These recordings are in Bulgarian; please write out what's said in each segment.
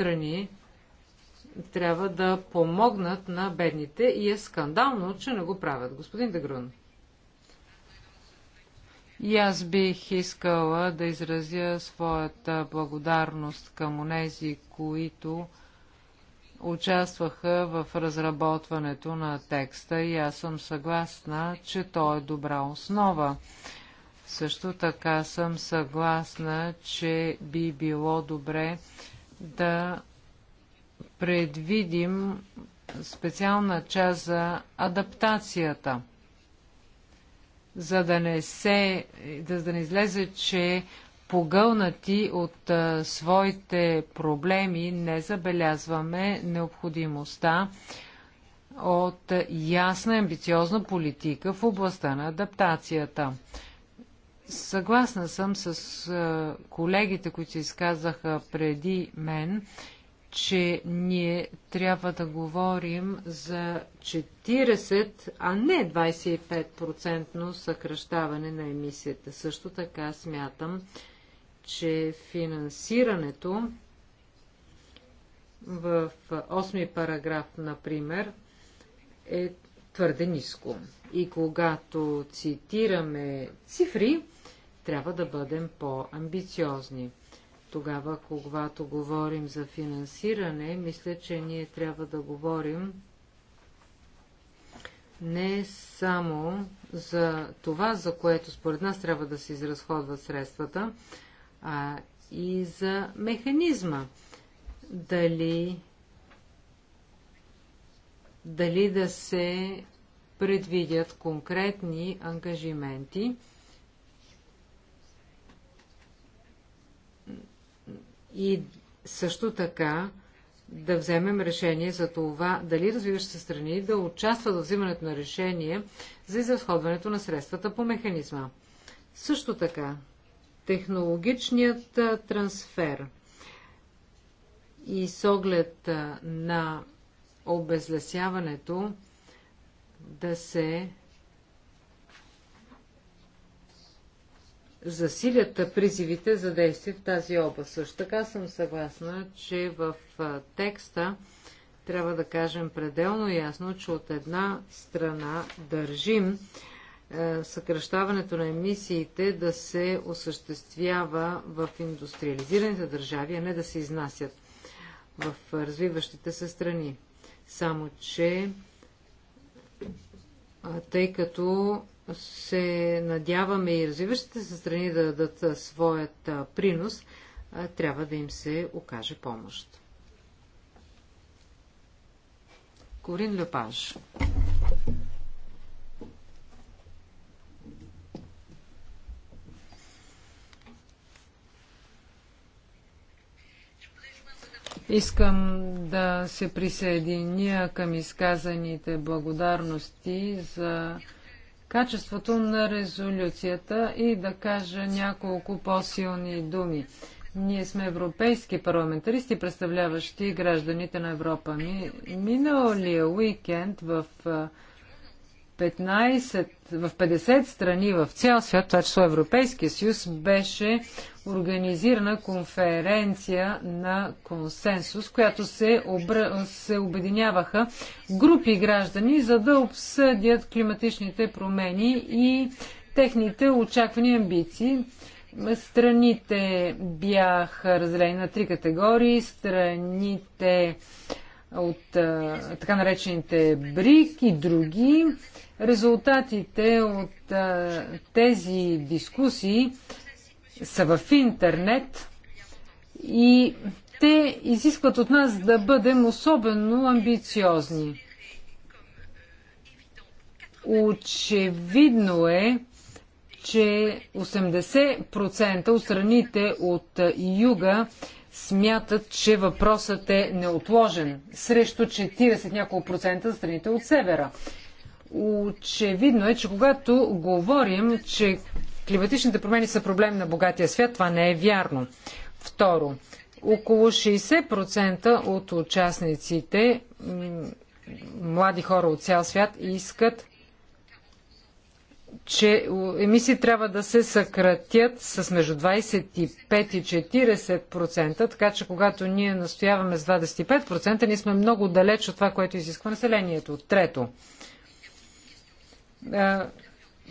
страни трябва да помогнат на бедните и е скандално, че не го правят. Господин Дегрун. И аз бих искала да изразя своята благодарност към онези, които участваха в разработването на текста и аз съм съгласна, че то е добра основа. Също така съм съгласна, че би било добре да предвидим специална част за адаптацията, за да не, се, да, да не излезе, че погълнати от а, своите проблеми не забелязваме необходимостта от ясна и амбициозна политика в областта на адаптацията. Съгласна съм с колегите, които се изказаха преди мен, че ние трябва да говорим за 40, а не 25% съкръщаване на емисията. Също така смятам, че финансирането в 8 параграф, например, е твърде ниско. И когато цитираме цифри, трябва да бъдем по-амбициозни. Тогава, когато говорим за финансиране, мисля, че ние трябва да говорим не само за това, за което според нас трябва да се изразходват средствата, а и за механизма. Дали, дали да се предвидят конкретни ангажименти, и също така да вземем решение за това дали развиващите страни да участват в взимането на решение за изразходването на средствата по механизма. Също така, технологичният трансфер и с оглед на обезлесяването да се засилят призивите за действие в тази област. Също така съм съгласна, че в текста трябва да кажем пределно ясно, че от една страна държим е, съкръщаването на емисиите да се осъществява в индустриализираните държави, а не да се изнасят в развиващите се страни. Само, че тъй като се надяваме и развиващите се страни да дадат своят принос, трябва да им се окаже помощ. Корин Лепаж. Искам да се присъединя към изказаните благодарности за качеството на резолюцията и да кажа няколко по-силни думи. Ние сме европейски парламентаристи, представляващи гражданите на Европа. Ми, миналия уикенд в 15, в 50 страни в цял свят, това число Европейския съюз, беше организирана конференция на консенсус, която се, обр... се обединяваха групи граждани, за да обсъдят климатичните промени и техните очаквани амбиции. Страните бяха разделени на три категории. Страните от така наречените БРИК и други. Резултатите от а, тези дискусии са в интернет и те изискват от нас да бъдем особено амбициозни. Очевидно е, че 80% от страните от юга смятат, че въпросът е неотложен, срещу 40 няколко процента за страните от севера. Очевидно е, че когато говорим, че климатичните промени са проблем на богатия свят, това не е вярно. Второ, около 60% от участниците, млади хора от цял свят, искат че емисии трябва да се съкратят с между 25 и 40%, така че когато ние настояваме с 25%, ние сме много далеч от това, което изисква населението. Трето, е,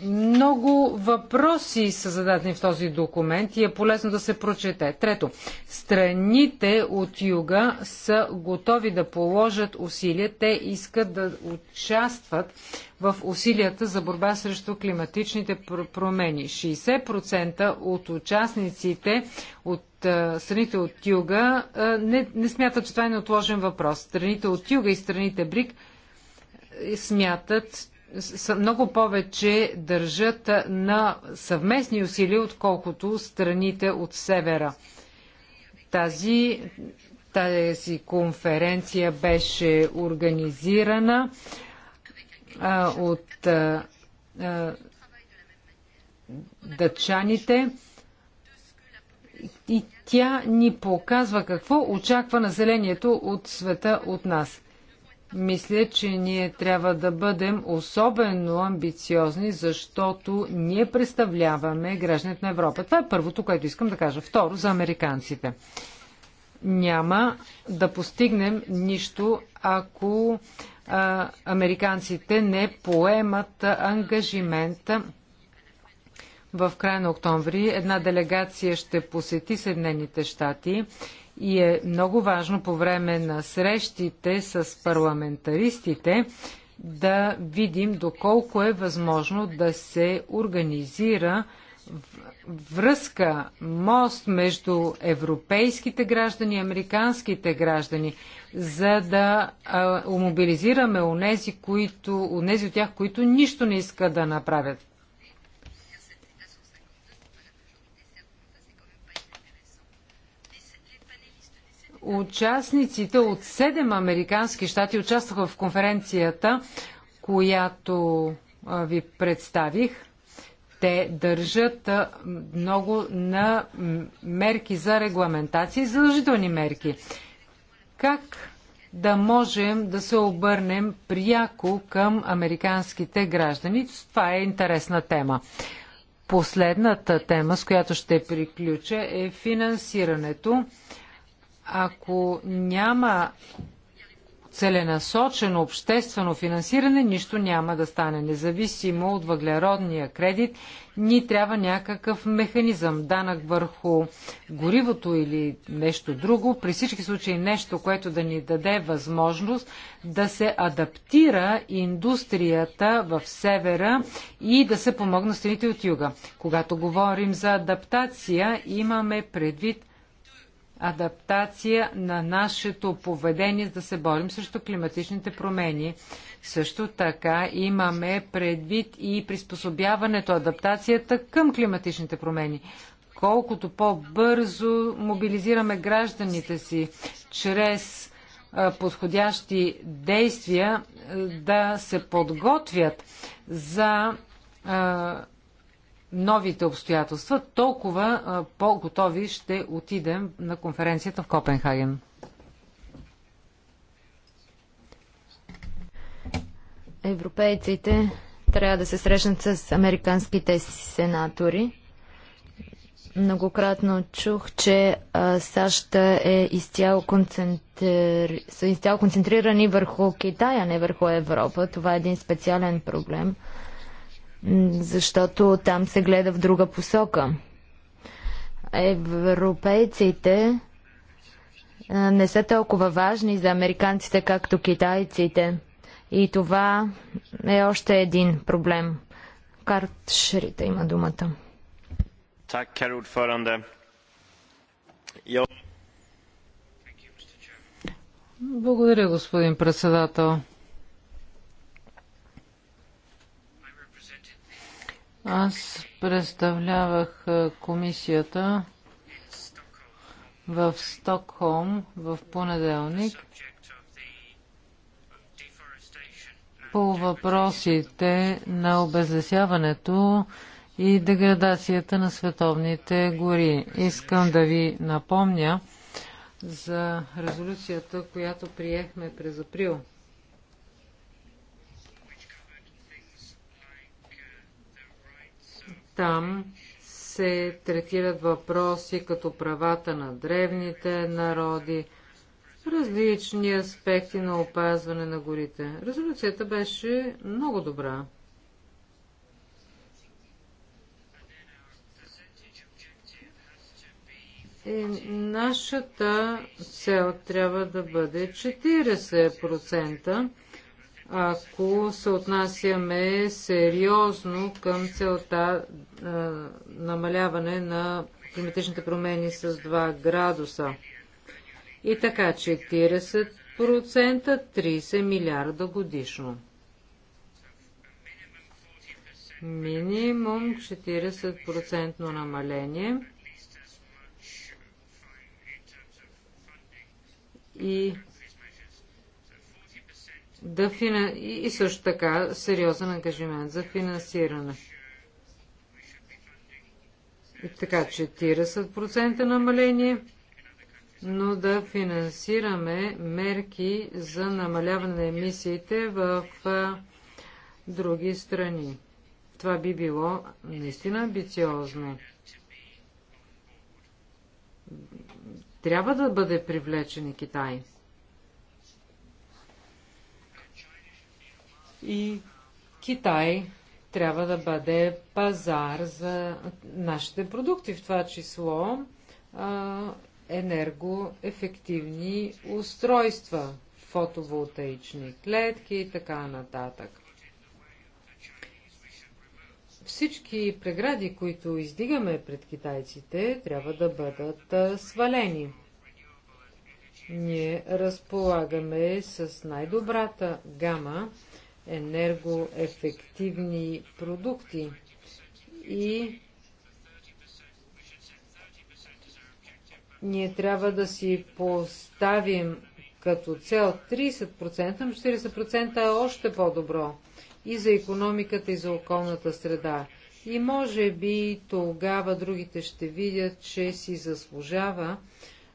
много въпроси са зададени в този документ и е полезно да се прочете. Трето, страните от юга са готови да положат усилия. Те искат да участват в усилията за борба срещу климатичните промени. 60% от участниците от е, страните от юга е, не, не смятат, че това е неотложен въпрос. Страните от юга и страните БРИК смятат, са много повече държат на съвместни усилия, отколкото страните от севера. Тази, тази конференция беше организирана а, от а, дъчаните и тя ни показва какво очаква населението от света от нас. Мисля, че ние трябва да бъдем особено амбициозни, защото ние представляваме гражданите на Европа. Това е първото, което искам да кажа. Второ, за американците. Няма да постигнем нищо, ако а, американците не поемат ангажимента в края на октомври една делегация ще посети Съединените щати и е много важно по време на срещите с парламентаристите да видим доколко е възможно да се организира връзка, мост между европейските граждани и американските граждани, за да а, мобилизираме онези, които, от тях, които нищо не искат да направят. Участниците от 7 американски щати участваха в конференцията, която ви представих. Те държат много на мерки за регламентация и задължителни мерки. Как да можем да се обърнем пряко към американските граждани? Това е интересна тема. Последната тема, с която ще приключа, е финансирането. Ако няма целенасочено обществено финансиране, нищо няма да стане. Независимо от въглеродния кредит, ни трябва някакъв механизъм, данък върху горивото или нещо друго. При всички случаи нещо, което да ни даде възможност да се адаптира индустрията в севера и да се помогна страните от юга. Когато говорим за адаптация, имаме предвид – адаптация на нашето поведение, за да се борим срещу климатичните промени. Също така имаме предвид и приспособяването, адаптацията към климатичните промени. Колкото по-бързо мобилизираме гражданите си чрез подходящи действия да се подготвят за новите обстоятелства, толкова по-готови ще отидем на конференцията в Копенхаген. Европейците трябва да се срещнат с американските сенатори. Многократно чух, че САЩ е изцяло концентри... са изцяло концентрирани върху Китая, не върху Европа. Това е един специален проблем защото там се гледа в друга посока. Европейците не са толкова важни за американците, както китайците. И това е още един проблем. Карт Шрита има думата. Благодаря, господин председател. Аз представлявах комисията в Стокхолм в понеделник по въпросите на обезлесяването и деградацията на световните гори. Искам да ви напомня за резолюцията, която приехме през април. Там се третират въпроси като правата на древните народи, различни аспекти на опазване на горите. Резолюцията беше много добра. И е, нашата цел трябва да бъде 40% ако се отнасяме сериозно към целта а, намаляване на климатичните промени с 2 градуса. И така 40%, 30 милиарда годишно. Минимум 40% намаление. И да фина... и също така сериозен ангажимент за финансиране. И така 40% намаление, но да финансираме мерки за намаляване на емисиите в други страни. Това би било наистина амбициозно. Трябва да бъде привлечен и Китай. И Китай трябва да бъде пазар за нашите продукти, в това число а, енергоефективни устройства, фотоволтаични клетки и така нататък. Всички прегради, които издигаме пред китайците, трябва да бъдат свалени. Ние разполагаме с най-добрата гама енергоефективни продукти и ние трябва да си поставим като цел 30%, но 40% е още по-добро и за економиката, и за околната среда. И може би тогава другите ще видят, че си заслужава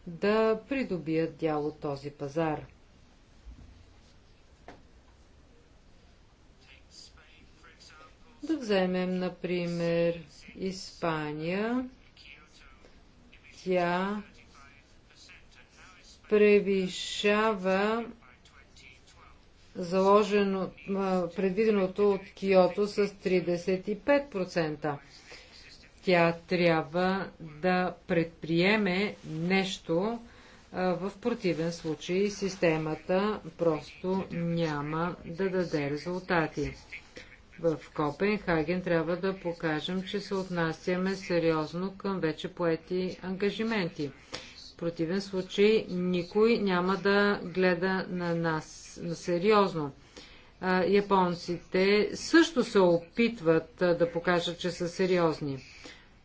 да придобият дял от този пазар. вземем, например, Испания, тя превишава заложено, предвиденото от Киото с 35%. Тя трябва да предприеме нещо, в противен случай системата просто няма да даде резултати в Копенхаген трябва да покажем, че се отнасяме сериозно към вече поети ангажименти. В противен случай никой няма да гледа на нас на сериозно. Японците също се опитват да покажат, че са сериозни.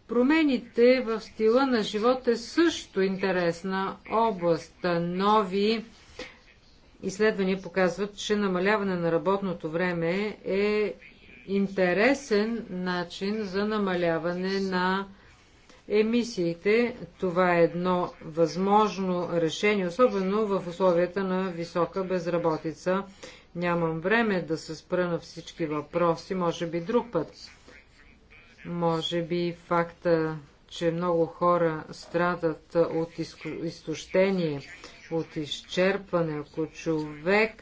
Промените в стила на живот е също интересна област. Нови изследвания показват, че намаляване на работното време е интересен начин за намаляване на емисиите. Това е едно възможно решение, особено в условията на висока безработица. Нямам време да се спра на всички въпроси, може би друг път. Може би факта, че много хора страдат от изтощение, от изчерпване. Ако човек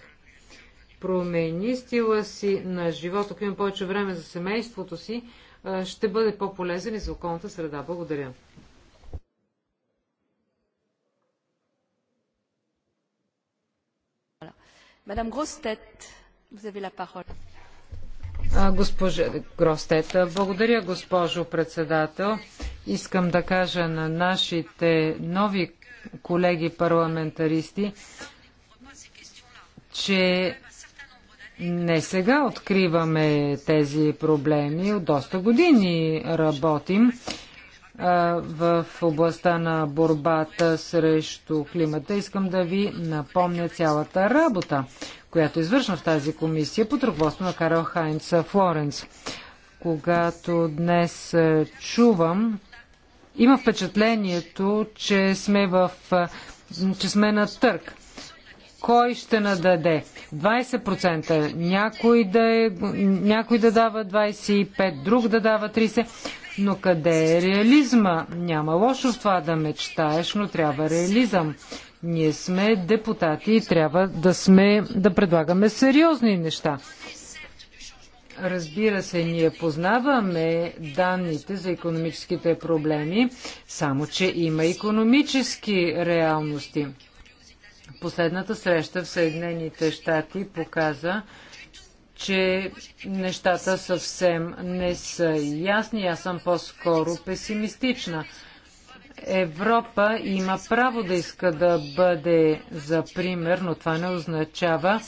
промени стила си на живота, ако има повече време за семейството си, ще бъде по-полезен и за околната среда. Благодаря. Мадам Гростет, vous avez Госпожа Гростет, благодаря, госпожо председател. Искам да кажа на нашите нови колеги парламентаристи, че не сега откриваме тези проблеми. От доста години работим в областта на борбата срещу климата. Искам да ви напомня цялата работа, която е извършна в тази комисия под ръководство на Карл Хайнц Флоренс. Когато днес чувам, има впечатлението, че сме, в, че сме на търк кой ще нададе? 20%. Някой да, е, някой да дава 25, друг да дава 30. Но къде е реализма? Няма лошо в това да мечтаеш, но трябва реализъм. Ние сме депутати и трябва да, сме, да предлагаме сериозни неща. Разбира се, ние познаваме данните за економическите проблеми, само че има економически реалности. Последната среща в Съединените щати показа, че нещата съвсем не са ясни. Аз съм по-скоро песимистична. Европа има право да иска да бъде за пример, но това не означава,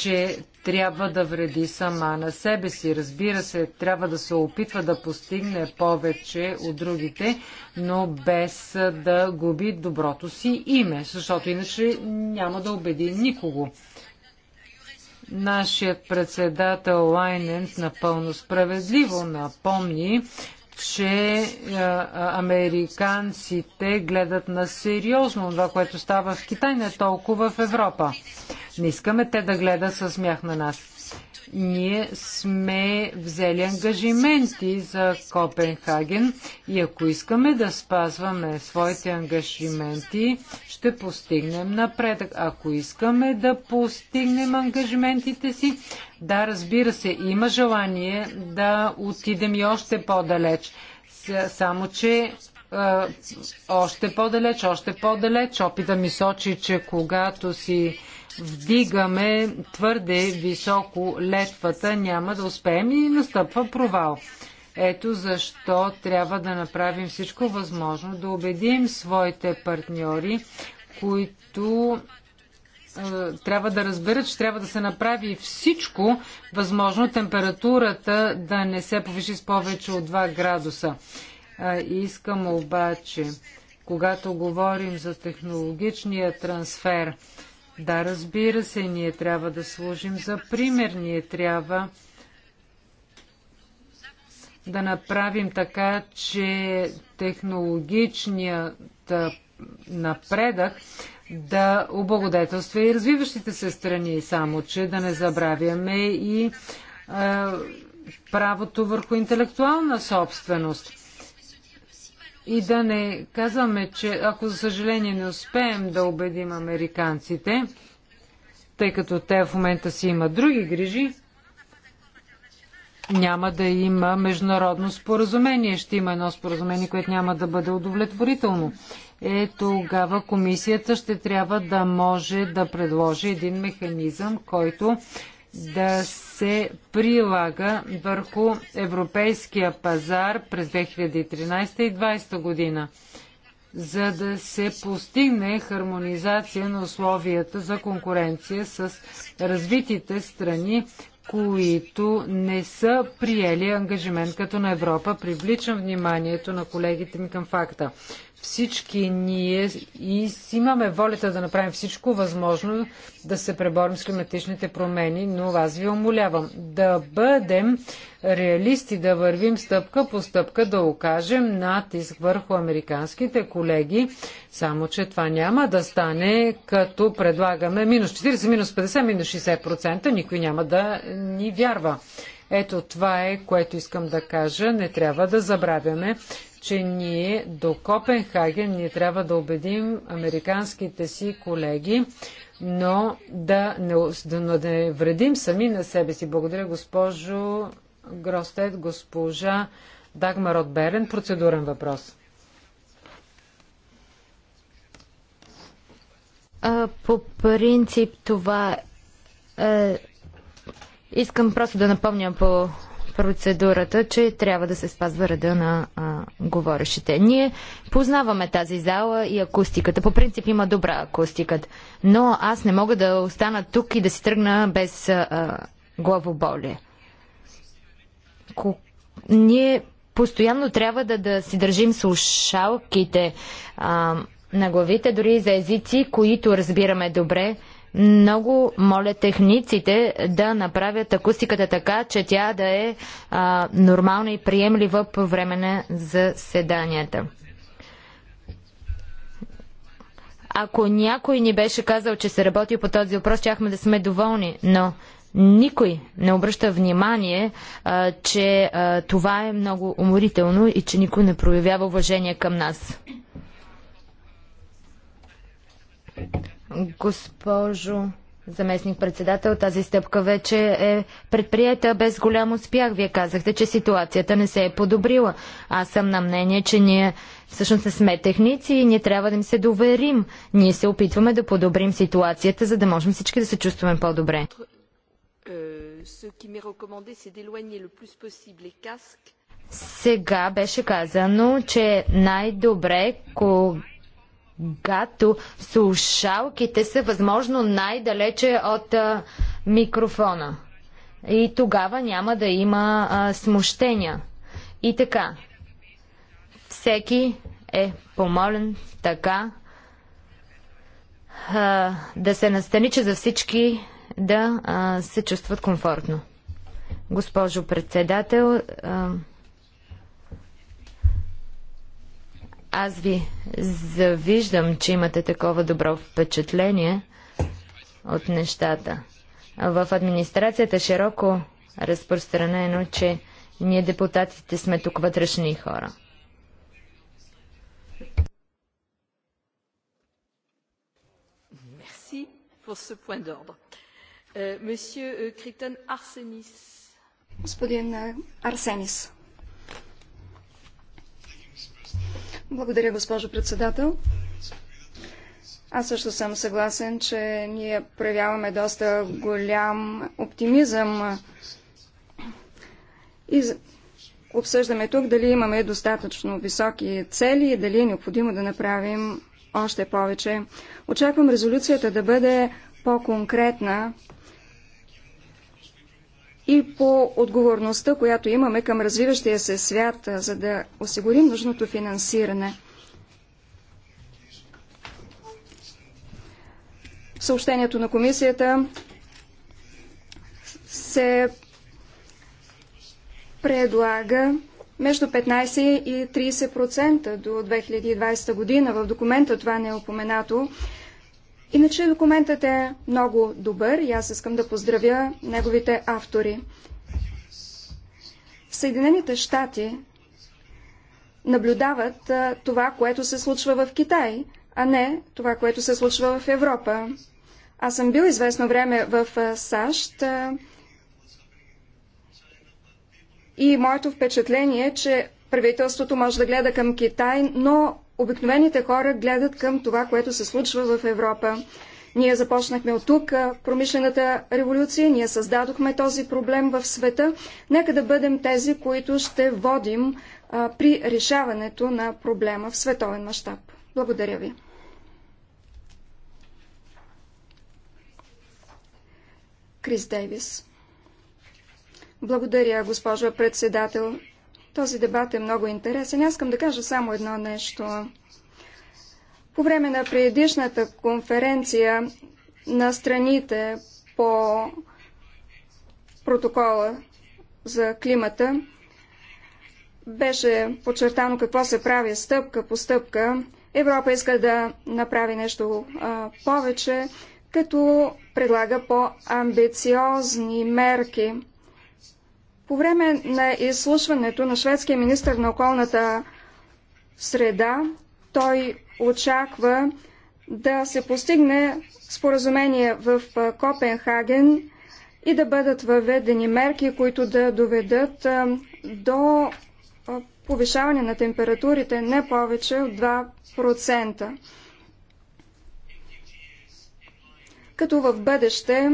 че трябва да вреди сама на себе си. Разбира се, трябва да се опитва да постигне повече от другите, но без да губи доброто си име, защото иначе няма да убеди никого. Нашият председател Лайненс напълно справедливо напомни, че е, американците гледат на сериозно това, което става в Китай, не толкова в Европа. Не искаме те да гледат с смях на нас ние сме взели ангажименти за Копенхаген и ако искаме да спазваме своите ангажименти, ще постигнем напредък. Ако искаме да постигнем ангажиментите си, да, разбира се, има желание да отидем и още по-далеч. Само, че още по-далеч, още по-далеч. Опита ми сочи, че когато си вдигаме твърде високо летвата, няма да успеем и настъпва провал. Ето защо трябва да направим всичко възможно, да убедим своите партньори, които е, трябва да разберат, че трябва да се направи всичко възможно температурата да не се повиши с повече от 2 градуса. Искам обаче, когато говорим за технологичния трансфер, да, разбира се, ние трябва да служим за пример, ние трябва да направим така, че технологичният напредък да облагодетелства и развиващите се страни, само че да не забравяме и е, правото върху интелектуална собственост и да не казваме, че ако за съжаление не успеем да убедим американците, тъй като те в момента си имат други грижи, няма да има международно споразумение. Ще има едно споразумение, което няма да бъде удовлетворително. Е, тогава комисията ще трябва да може да предложи един механизъм, който да се прилага върху европейския пазар през 2013 и 2020 година, за да се постигне хармонизация на условията за конкуренция с развитите страни, които не са приели ангажимент като на Европа. Привличам вниманието на колегите ми към факта, всички ние и имаме волята да направим всичко възможно да се преборим с климатичните промени, но аз ви умолявам да бъдем реалисти, да вървим стъпка по стъпка, да окажем натиск върху американските колеги, само че това няма да стане като предлагаме минус 40, минус 50, минус 60%, никой няма да ни вярва. Ето това е, което искам да кажа. Не трябва да забравяме, че ние до Копенхаген ние трябва да убедим американските си колеги, но да не, да не вредим сами на себе си. Благодаря, госпожо Гростет, госпожа Дагмар от Берен. Процедурен въпрос. А, по принцип това е... Искам просто да напомня по процедурата, че трябва да се спазва реда на а, говорещите. Ние познаваме тази зала и акустиката. По принцип има добра акустиката, но аз не мога да остана тук и да си тръгна без а, главоболие. Ко... Ние постоянно трябва да, да си държим слушалките а, на главите, дори за езици, които разбираме добре. Много моля техниците да направят акустиката така, че тя да е а, нормална и приемлива по време на заседанията. Ако някой ни беше казал, че се работи по този въпрос, чахме да сме доволни, но никой не обръща внимание, а, че а, това е много уморително и че никой не проявява уважение към нас. Госпожо заместник-председател, тази стъпка вече е предприета без голям успях. Вие казахте, че ситуацията не се е подобрила. Аз съм на мнение, че ние всъщност не сме техници и ние трябва да им се доверим. Ние се опитваме да подобрим ситуацията, за да можем всички да се чувстваме по-добре. Сега беше казано, че най-добре, когато когато слушалките са възможно най-далече от а, микрофона. И тогава няма да има а, смущения. И така, всеки е помолен така а, да се настани, че за всички да а, се чувстват комфортно. Госпожо председател, а, Аз ви завиждам, че имате такова добро впечатление от нещата. В администрацията широко разпространено, че ние депутатите сме тук вътрешни хора. Euh, euh, Господин Арсенис. Euh, Благодаря, госпожо председател. Аз също съм съгласен, че ние проявяваме доста голям оптимизъм и обсъждаме тук дали имаме достатъчно високи цели и дали е необходимо да направим още повече. Очаквам резолюцията да бъде по-конкретна и по отговорността, която имаме към развиващия се свят, за да осигурим нужното финансиране. съобщението на комисията се предлага между 15 и 30% до 2020 година. В документа това не е упоменато. Иначе документът е много добър и аз искам да поздравя неговите автори. Съединените щати наблюдават това, което се случва в Китай, а не това, което се случва в Европа. Аз съм бил известно време в САЩ и моето впечатление е, че правителството може да гледа към Китай, но обикновените хора гледат към това, което се случва в Европа. Ние започнахме от тук промишлената революция, ние създадохме този проблем в света. Нека да бъдем тези, които ще водим а, при решаването на проблема в световен мащаб. Благодаря ви. Крис Дейвис. Благодаря, госпожо председател. Този дебат е много интересен. Аз искам да кажа само едно нещо. По време на предишната конференция на страните по протокола за климата беше подчертано какво се прави стъпка по стъпка. Европа иска да направи нещо а, повече, като предлага по-амбициозни мерки. По време на изслушването на шведския министр на околната среда, той очаква да се постигне споразумение в Копенхаген и да бъдат въведени мерки, които да доведат до повишаване на температурите не повече от 2%. Като в бъдеще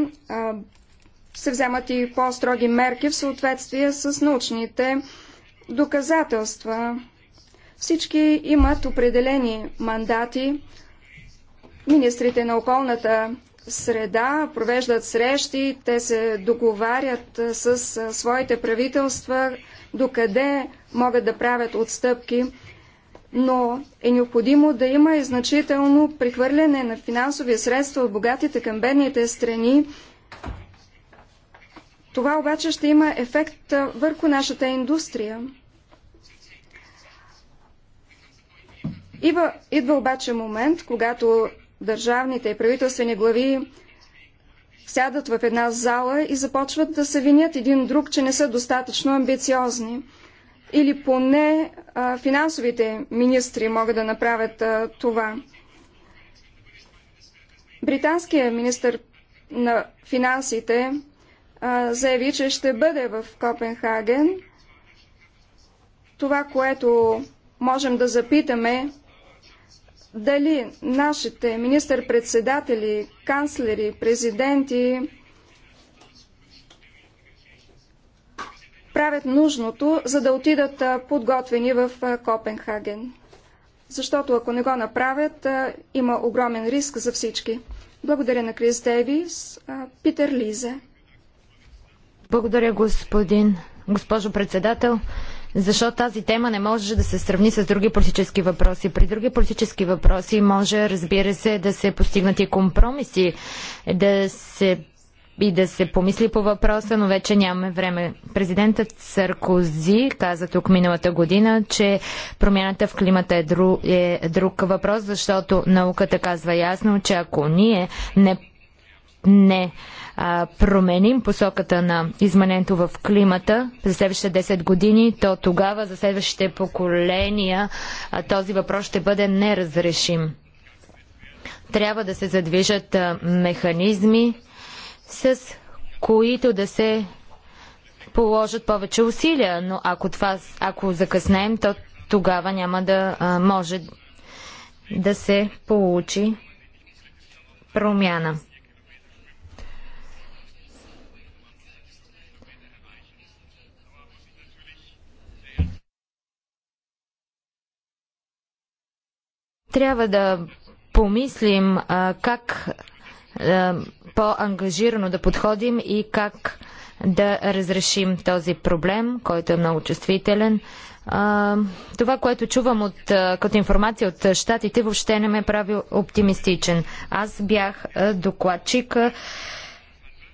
се вземат и по-строги мерки в съответствие с научните доказателства. Всички имат определени мандати. Министрите на околната среда провеждат срещи, те се договарят с своите правителства, докъде могат да правят отстъпки, но е необходимо да има и значително прехвърляне на финансови средства от богатите към бедните страни това обаче ще има ефект върху нашата индустрия. Идва, идва обаче момент, когато държавните и правителствени глави сядат в една зала и започват да се винят един друг, че не са достатъчно амбициозни. Или поне а, финансовите министри могат да направят а, това. Британският министр на финансите заяви, че ще бъде в Копенхаген. Това, което можем да запитаме, дали нашите министър-председатели, канцлери, президенти правят нужното, за да отидат подготвени в Копенхаген. Защото ако не го направят, има огромен риск за всички. Благодаря на Крис Дейвис, Питер Лизе. Благодаря, господин, госпожо председател, защото тази тема не може да се сравни с други политически въпроси. При други политически въпроси може, разбира се, да се постигнат и компромиси, да се и да се помисли по въпроса, но вече нямаме време. Президентът Саркози каза тук миналата година, че промяната в климата е, дру, е друг въпрос, защото науката казва ясно, че ако ние не не а, променим посоката на изменението в климата за следващите 10 години, то тогава за следващите поколения а, този въпрос ще бъде неразрешим. Трябва да се задвижат а, механизми, с които да се положат повече усилия, но ако, това, ако закъснем, то тогава няма да а, може да се получи промяна. Трябва да помислим а, как а, по-ангажирано да подходим и как да разрешим този проблем, който е много чувствителен. А, това, което чувам от, като информация от щатите, въобще не ме прави оптимистичен. Аз бях докладчик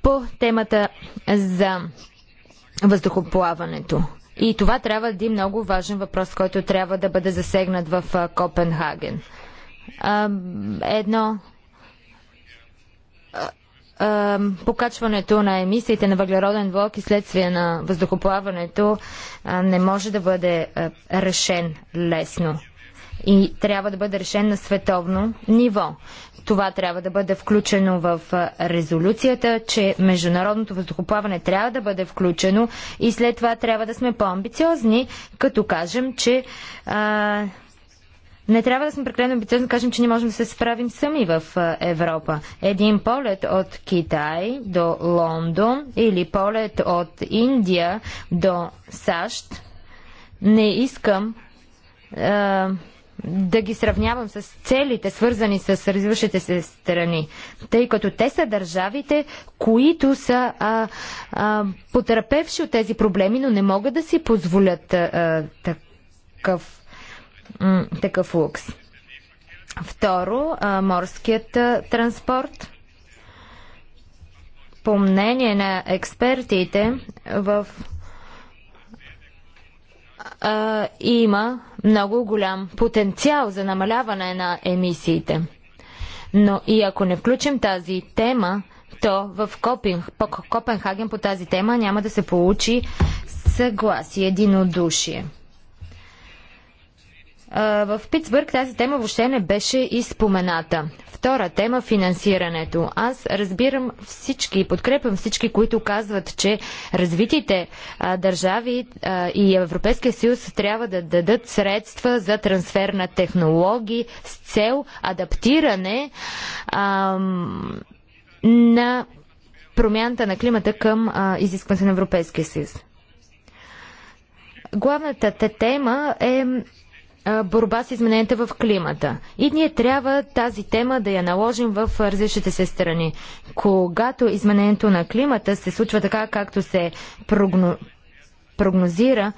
по темата за въздухоплаването. И това трябва да е много важен въпрос, който трябва да бъде засегнат в Копенхаген. Едно покачването на емисиите на въглероден влог и следствие на въздухоплаването не може да бъде решен лесно и трябва да бъде решен на световно ниво това трябва да бъде включено в резолюцията, че международното въздухоплаване трябва да бъде включено и след това трябва да сме по-амбициозни, като кажем, че а, не трябва да сме прекалено амбициозни, кажем, че не можем да се справим сами в Европа. Един полет от Китай до Лондон или полет от Индия до САЩ не искам а, да ги сравнявам с целите, свързани с развиващите се страни, тъй като те са държавите, които са а, а, потърпевши от тези проблеми, но не могат да си позволят а, такъв, м, такъв лукс. Второ, а, морският а, транспорт. По мнение на експертите в а, има много голям потенциал за намаляване на емисиите. Но и ако не включим тази тема, то в по Копенхаген по тази тема няма да се получи съгласие, единодушие. А, в Питсбърг тази тема въобще не беше и спомената. Втора тема – финансирането. Аз разбирам всички, подкрепям всички, които казват, че развитите а, държави а, и Европейския съюз трябва да дадат средства за трансфер на технологии с цел адаптиране а, на промяната на климата към изискването на Европейския съюз. Главната тема е борба с измененията в климата. И ние трябва тази тема да я наложим в различните се страни. Когато изменението на климата се случва така, както се прогно... прогнозира,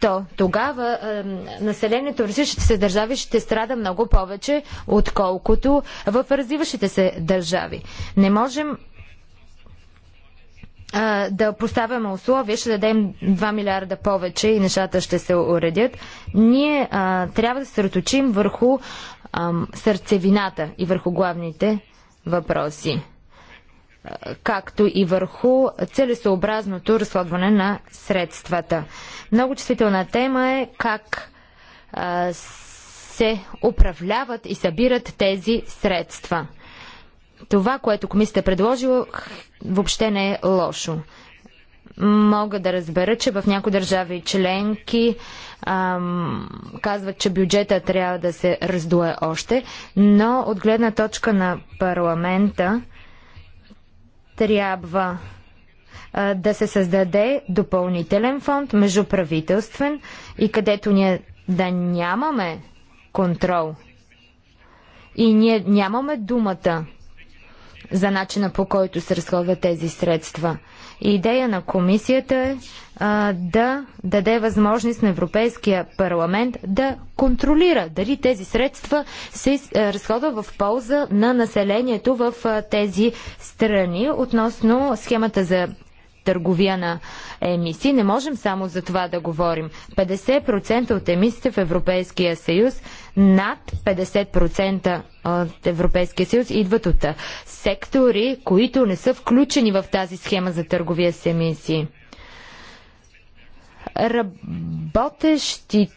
то тогава е, населението в различните се държави ще страда много повече, отколкото в развиващите се държави. Не можем да поставяме условия, ще дадем 2 милиарда повече и нещата ще се уредят. Ние а, трябва да се сръточим върху а, сърцевината и върху главните въпроси, а, както и върху целесообразното разходване на средствата. Много чувствителна тема е как а, се управляват и събират тези средства това, което комисията е предложила, въобще не е лошо. Мога да разбера, че в някои държави членки ам, казват, че бюджета трябва да се раздуе още, но от гледна точка на парламента трябва а, да се създаде допълнителен фонд, междуправителствен и където ние да нямаме контрол. И ние нямаме думата за начина по който се разходват тези средства. И идея на комисията е а, да даде възможност на Европейския парламент да контролира дали тези средства се е, разходват в полза на населението в а, е, тези страни относно схемата за търговия на емисии. Не можем само за това да говорим. 50% от емисиите в Европейския съюз, над 50% от Европейския съюз идват от сектори, които не са включени в тази схема за търговия с емисии. Работещите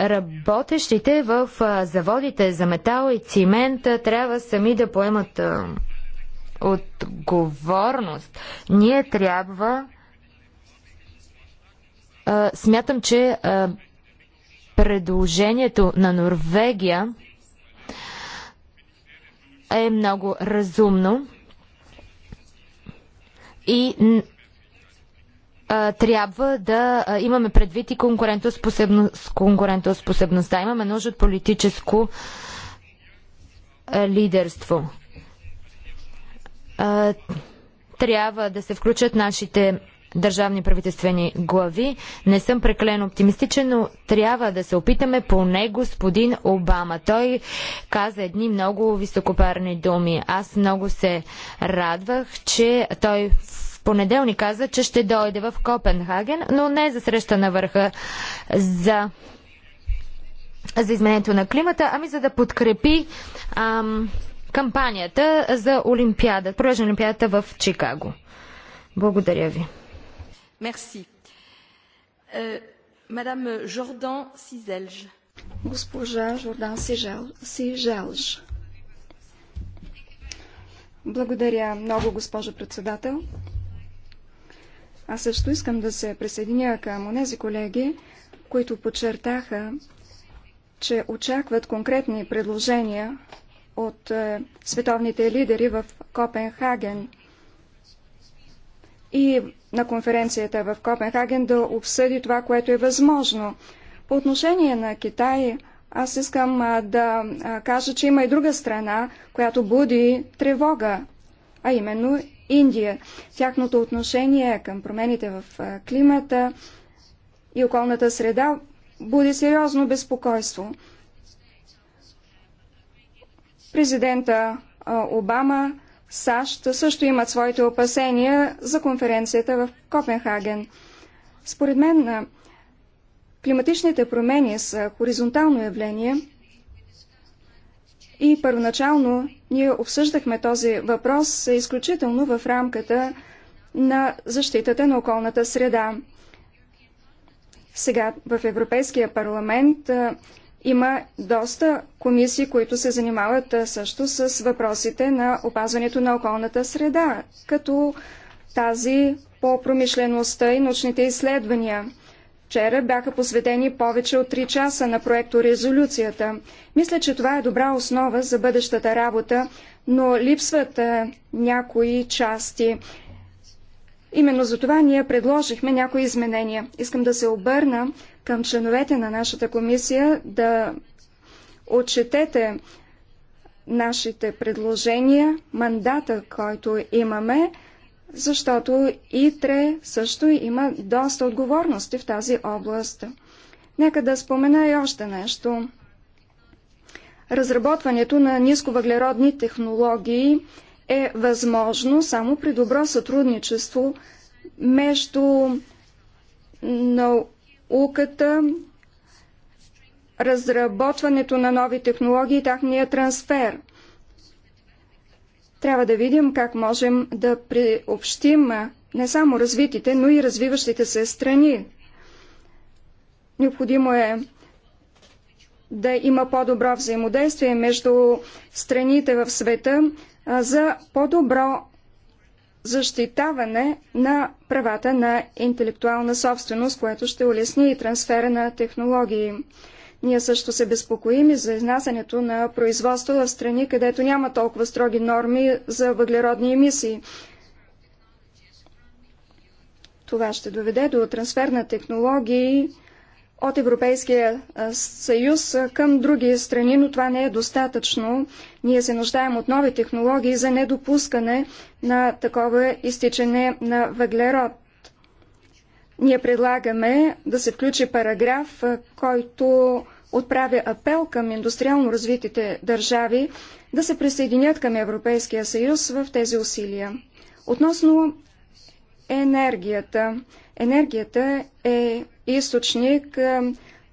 работещите в заводите за метал и цимент трябва сами да поемат отговорност. Ние трябва. А, смятам, че а, предложението на Норвегия е много разумно и а, трябва да а, имаме предвид и конкурентоспособност, конкурентоспособността. Имаме нужда от политическо а, лидерство а, трябва да се включат нашите държавни правителствени глави. Не съм преклено оптимистичен, но трябва да се опитаме поне господин Обама. Той каза едни много високопарни думи. Аз много се радвах, че той в понеделник каза, че ще дойде в Копенхаген, но не за среща на върха за за изменението на климата, ами за да подкрепи ам, кампанията за Олимпиада, провеждане Олимпиадата в Чикаго. Благодаря ви. Мерси. Мадам Жордан Сизелж. Госпожа Жордан Сижелж. Благодаря много, госпожо председател. Аз също искам да се присъединя към онези колеги, които подчертаха, че очакват конкретни предложения от е, световните лидери в Копенхаген и на конференцията в Копенхаген да обсъди това, което е възможно. По отношение на Китай, аз искам да кажа, че има и друга страна, която буди тревога, а именно Индия. Тяхното отношение към промените в климата и околната среда буди сериозно безпокойство. Президента Обама, САЩ също имат своите опасения за конференцията в Копенхаген. Според мен, климатичните промени са хоризонтално явление и първоначално ние обсъждахме този въпрос изключително в рамката на защитата на околната среда. Сега в Европейския парламент има доста комисии, които се занимават също с въпросите на опазването на околната среда, като тази по промишлеността и научните изследвания. Вчера бяха посветени повече от 3 часа на проекто резолюцията. Мисля, че това е добра основа за бъдещата работа, но липсват някои части. Именно за това ние предложихме някои изменения. Искам да се обърна към членовете на нашата комисия да отчетете нашите предложения, мандата, който имаме, защото ИТРЕ също има доста отговорности в тази област. Нека да спомена и още нещо. Разработването на нисковъглеродни технологии – е възможно само при добро сътрудничество между науката, разработването на нови технологии и тяхния трансфер. Трябва да видим как можем да приобщим не само развитите, но и развиващите се страни. Необходимо е да има по-добро взаимодействие между страните в света, за по-добро защитаване на правата на интелектуална собственост, което ще улесни и трансфера на технологии. Ние също се безпокоим и за изнасянето на производство в страни, където няма толкова строги норми за въглеродни емисии. Това ще доведе до трансфер на технологии от Европейския съюз към други страни, но това не е достатъчно. Ние се нуждаем от нови технологии за недопускане на такова изтичане на въглерод. Ние предлагаме да се включи параграф, който отправя апел към индустриално развитите държави да се присъединят към Европейския съюз в тези усилия. Относно енергията. Енергията е източник е,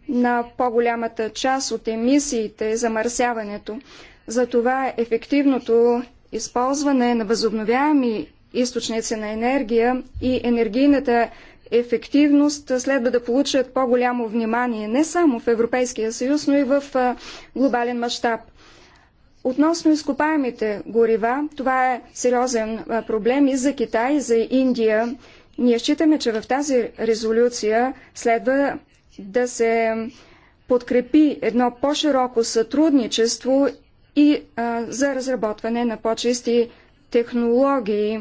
на по-голямата част от емисиите и замърсяването. Затова ефективното използване на възобновяеми източници на енергия и енергийната ефективност следва да получат по-голямо внимание не само в Европейския съюз, но и в е, глобален мащаб. Относно изкопаемите горива, това е сериозен е, проблем и за Китай, и за Индия. Ние считаме, че в тази резолюция следва да се подкрепи едно по-широко сътрудничество и а, за разработване на по-чисти технологии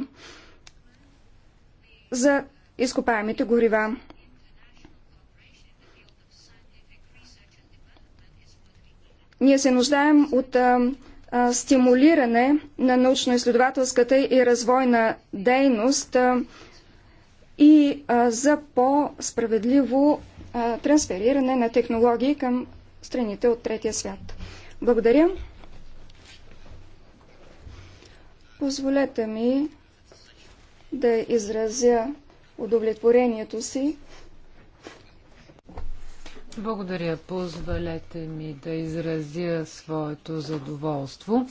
за изкопаемите горива. Ние се нуждаем от а, а, стимулиране на научно-изследователската и развойна дейност. А, и за по-справедливо трансфериране на технологии към страните от третия свят. Благодаря. Позволете ми да изразя удовлетворението си. Благодаря. Позволете ми да изразя своето задоволство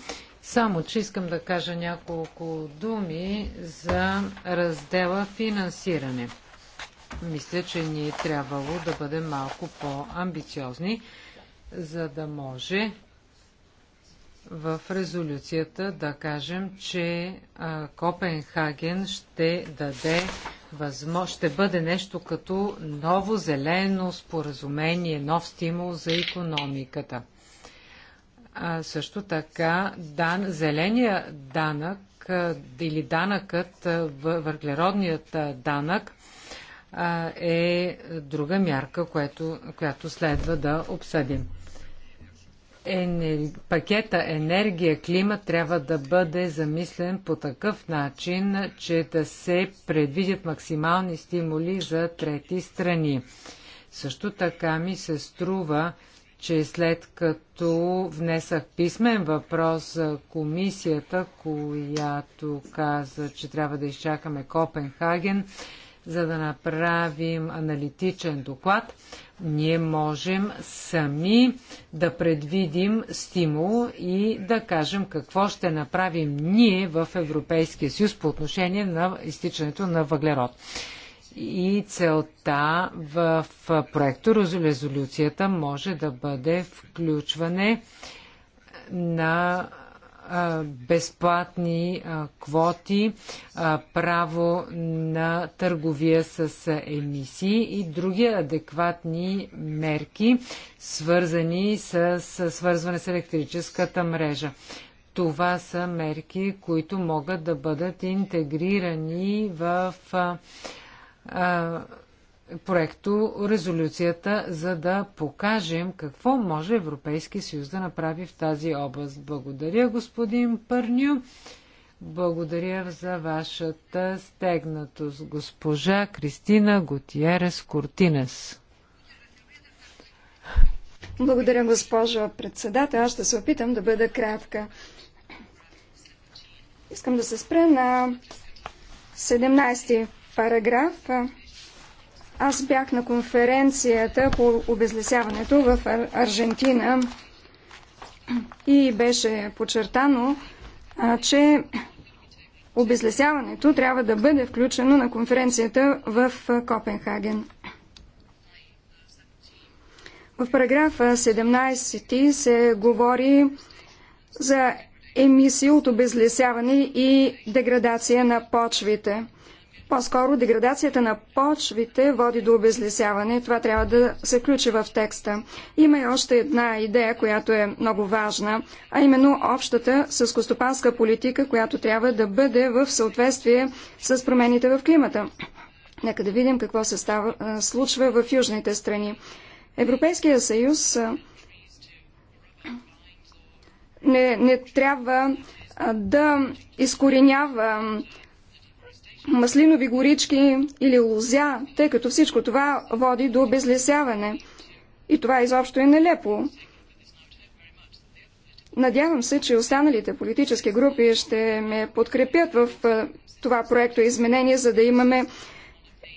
само, че искам да кажа няколко думи за раздела финансиране. Мисля, че ни е трябвало да бъдем малко по-амбициозни, за да може в резолюцията да кажем, че а, Копенхаген ще даде възможност ще бъде нещо като ново зелено споразумение, нов стимул за економиката също така дан, зеления данък или данъкът, въглеродният данък е друга мярка, която, която следва да обсъдим. Пакета енергия, климат трябва да бъде замислен по такъв начин, че да се предвидят максимални стимули за трети страни. Също така ми се струва, че след като внесах писмен въпрос за комисията, която каза, че трябва да изчакаме Копенхаген, за да направим аналитичен доклад, ние можем сами да предвидим стимул и да кажем какво ще направим ние в Европейския съюз по отношение на изтичането на въглерод и целта в проекто резолюцията може да бъде включване на безплатни квоти, право на търговия с емисии и други адекватни мерки, свързани с свързване с електрическата мрежа. Това са мерки, които могат да бъдат интегрирани в проекто резолюцията, за да покажем какво може Европейския съюз да направи в тази област. Благодаря, господин Пърню. Благодаря за вашата стегнатост, госпожа Кристина Готиерес Кортинес. Благодаря, госпожо председател. Аз ще се опитам да бъда кратка. Искам да се спре на 17 параграф. Аз бях на конференцията по обезлесяването в Аржентина и беше подчертано, че обезлесяването трябва да бъде включено на конференцията в Копенхаген. В параграф 17 се говори за емисии от обезлесяване и деградация на почвите – по-скоро деградацията на почвите води до обезлесяване. Това трябва да се включи в текста. Има и още една идея, която е много важна, а именно общата съскостопанска политика, която трябва да бъде в съответствие с промените в климата. Нека да видим какво се става, случва в южните страни. Европейския съюз не, не трябва да изкоренява маслинови горички или лузя, тъй като всичко това води до обезлесяване. И това изобщо е нелепо. Надявам се, че останалите политически групи ще ме подкрепят в това проекто изменение, за да имаме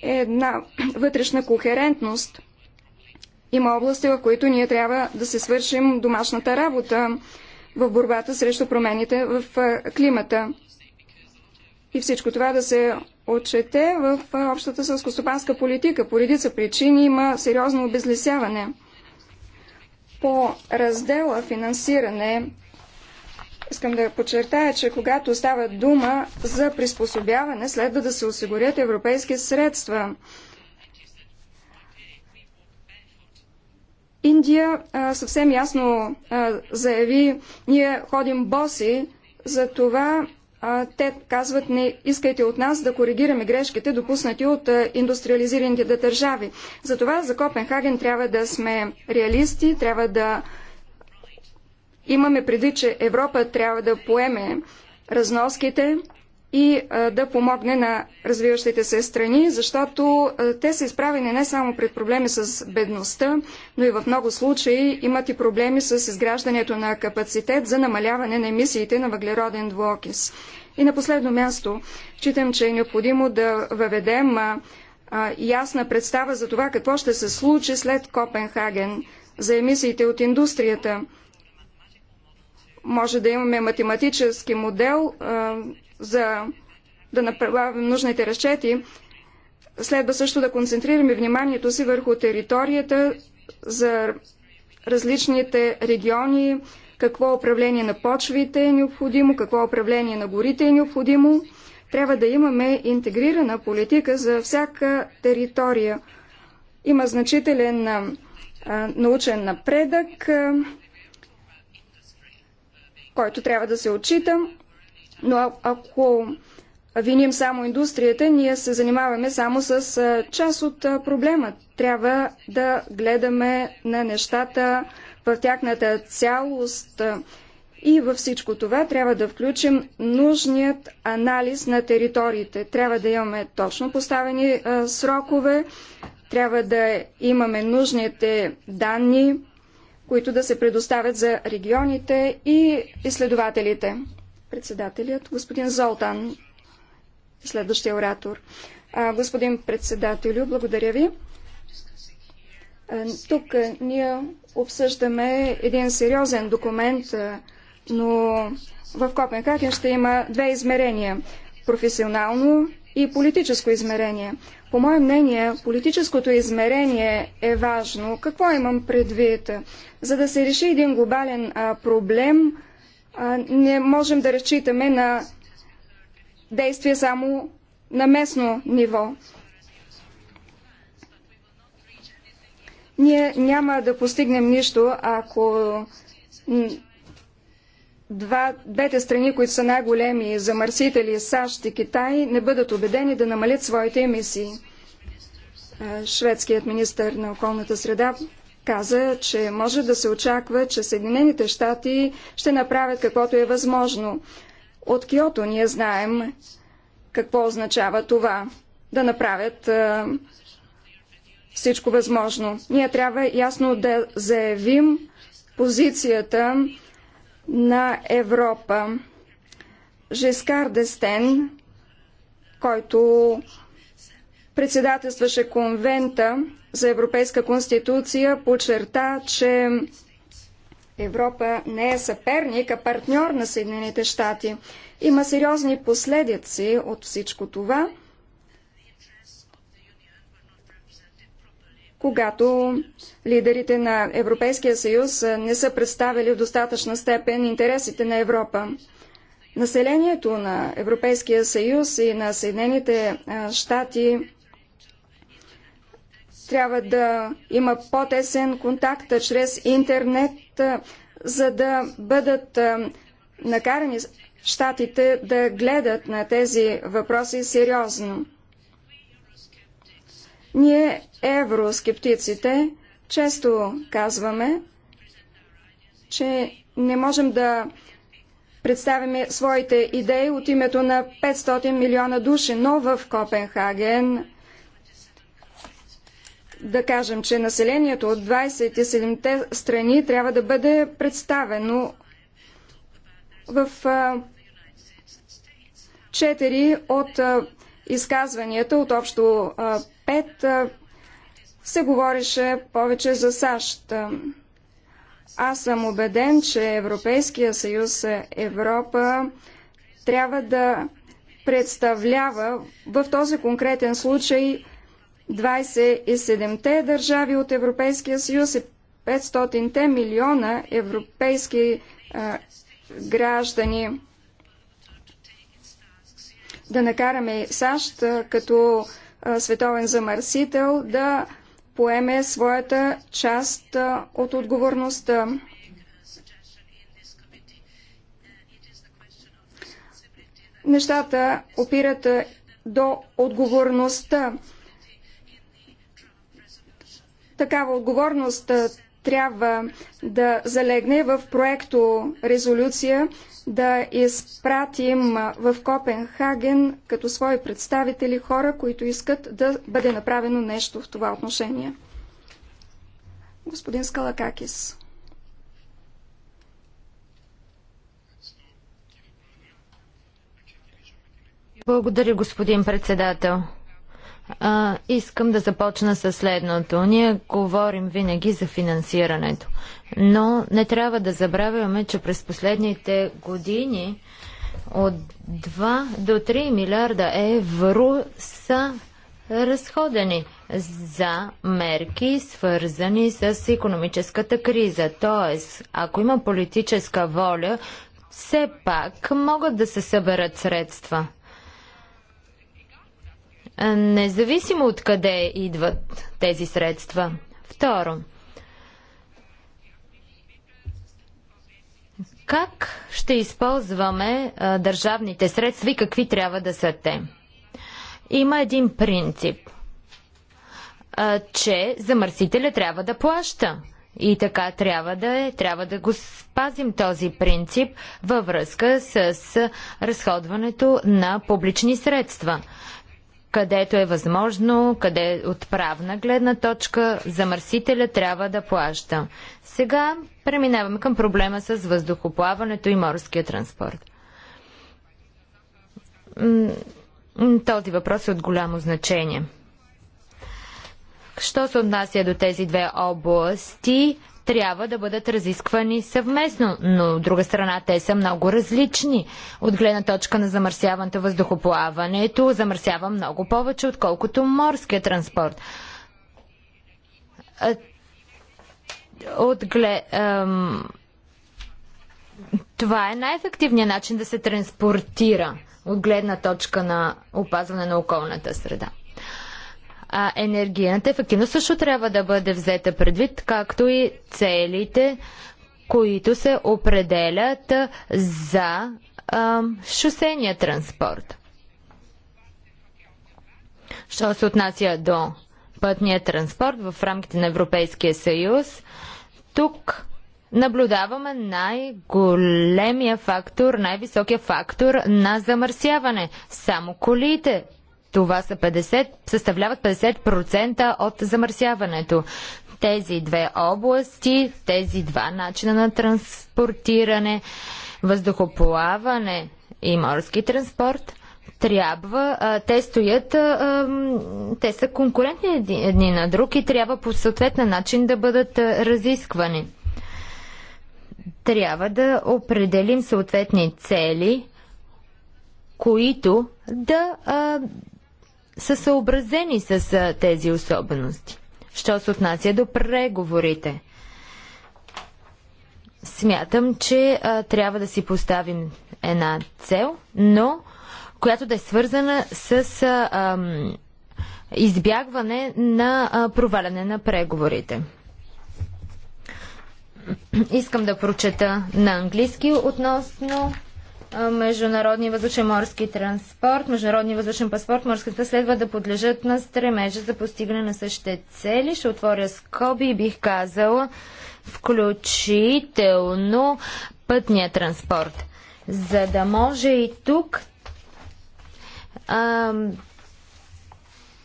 една вътрешна кохерентност. Има области, в които ние трябва да се свършим домашната работа в борбата срещу промените в климата. И всичко това да се отчете в общата сълскостопанска политика. По редица причини има сериозно обезлесяване. По раздела финансиране искам да подчертая, че когато става дума за приспособяване, следва да се осигурят европейски средства. Индия а, съвсем ясно а, заяви, ние ходим боси, за това а, те казват не искайте от нас да коригираме грешките, допуснати от а, индустриализираните държави. Затова за Копенхаген трябва да сме реалисти, трябва да имаме преди, че Европа трябва да поеме разноските, и да помогне на развиващите се страни, защото те са изправени не само пред проблеми с бедността, но и в много случаи имат и проблеми с изграждането на капацитет за намаляване на емисиите на въглероден двуокис. И на последно място, читам, че е необходимо да въведем ясна представа за това какво ще се случи след Копенхаген за емисиите от индустрията. Може да имаме математически модел за да направим нужните разчети, следва също да концентрираме вниманието си върху територията за различните региони, какво управление на почвите е необходимо, какво управление на горите е необходимо. Трябва да имаме интегрирана политика за всяка територия. Има значителен а, научен напредък, а, който трябва да се отчита. Но ако виним само индустрията, ние се занимаваме само с част от проблема. Трябва да гледаме на нещата в тяхната цялост и във всичко това трябва да включим нужният анализ на териториите. Трябва да имаме точно поставени срокове, трябва да имаме нужните данни, които да се предоставят за регионите и изследователите. Председателят, господин Золтан, следващия оратор. А, господин председателю, благодаря ви. Тук ние обсъждаме един сериозен документ, но в Копенхаген ще има две измерения – професионално и политическо измерение. По мое мнение, политическото измерение е важно. Какво имам предвид? За да се реши един глобален проблем – не можем да разчитаме на действия само на местно ниво. Ние няма да постигнем нищо, ако два, двете страни, които са най-големи замърсители, САЩ и Китай, не бъдат убедени да намалят своите емисии. Шведският министр на околната среда каза, че може да се очаква, че Съединените щати ще направят каквото е възможно. От Киото ние знаем какво означава това да направят а, всичко възможно. Ние трябва ясно да заявим позицията на Европа. Жескар Дестен, който председателстваше конвента, за Европейска конституция подчерта, че Европа не е съперник, а партньор на Съединените щати. Има сериозни последици от всичко това, когато лидерите на Европейския съюз не са представили в достатъчна степен интересите на Европа. Населението на Европейския съюз и на Съединените щати трябва да има по-тесен контакт чрез интернет, за да бъдат накарани щатите да гледат на тези въпроси сериозно. Ние, евроскептиците, често казваме, че не можем да представяме своите идеи от името на 500 милиона души, но в Копенхаген да кажем, че населението от 27-те страни трябва да бъде представено в четири от изказванията, от общо пет, се говореше повече за САЩ. Аз съм убеден, че Европейския съюз, Европа трябва да представлява в този конкретен случай 27-те държави от Европейския съюз и 500-те милиона европейски а, граждани. Да накараме САЩ като световен замърсител да поеме своята част от отговорността. Нещата опират до отговорността. Такава отговорност трябва да залегне в проекто резолюция да изпратим в Копенхаген като свои представители хора, които искат да бъде направено нещо в това отношение. Господин Скалакакис. Благодаря, господин председател. А, искам да започна с следното. Ние говорим винаги за финансирането, но не трябва да забравяме, че през последните години от 2 до 3 милиарда евро са разходени за мерки, свързани с економическата криза. Тоест, ако има политическа воля, все пак могат да се съберат средства независимо от къде идват тези средства. Второ, как ще използваме а, държавните средства и какви трябва да са те? Има един принцип, а, че замърсителя трябва да плаща. И така трябва да е. Трябва да го спазим този принцип във връзка с разходването на публични средства където е възможно, къде от правна гледна точка замърсителя трябва да плаща. Сега преминаваме към проблема с въздухоплаването и морския транспорт. Този въпрос е от голямо значение. Що се отнася до тези две области, трябва да бъдат разисквани съвместно, но от друга страна те са много различни. От гледна точка на замърсяването въздухоплаването замърсява много повече, отколкото морския транспорт. От гле... Това е най-ефективният начин да се транспортира от гледна точка на опазване на околната среда. А енергийната ефективност също трябва да бъде взета предвид, както и целите, които се определят за а, шосения транспорт. Що се отнася до пътния транспорт в рамките на Европейския съюз, тук наблюдаваме най-големия фактор, най-високия фактор на замърсяване. Само колите това са 50, съставляват 50% от замърсяването. Тези две области, тези два начина на транспортиране, въздухоплаване и морски транспорт трябва, те стоят, те са конкурентни едни, на друг и трябва по съответна начин да бъдат разисквани. Трябва да определим съответни цели, които да са съобразени с тези особености. Що се отнася до преговорите? Смятам, че а, трябва да си поставим една цел, но която да е свързана с а, а, избягване на а, проваляне на преговорите. Искам да прочета на английски относно международния въздушен морски транспорт, международния въздушен паспорт, морската следва да подлежат на стремежа за постигане на същите цели. Ще отворя скоби и бих казала включително пътния транспорт. За да може и тук а,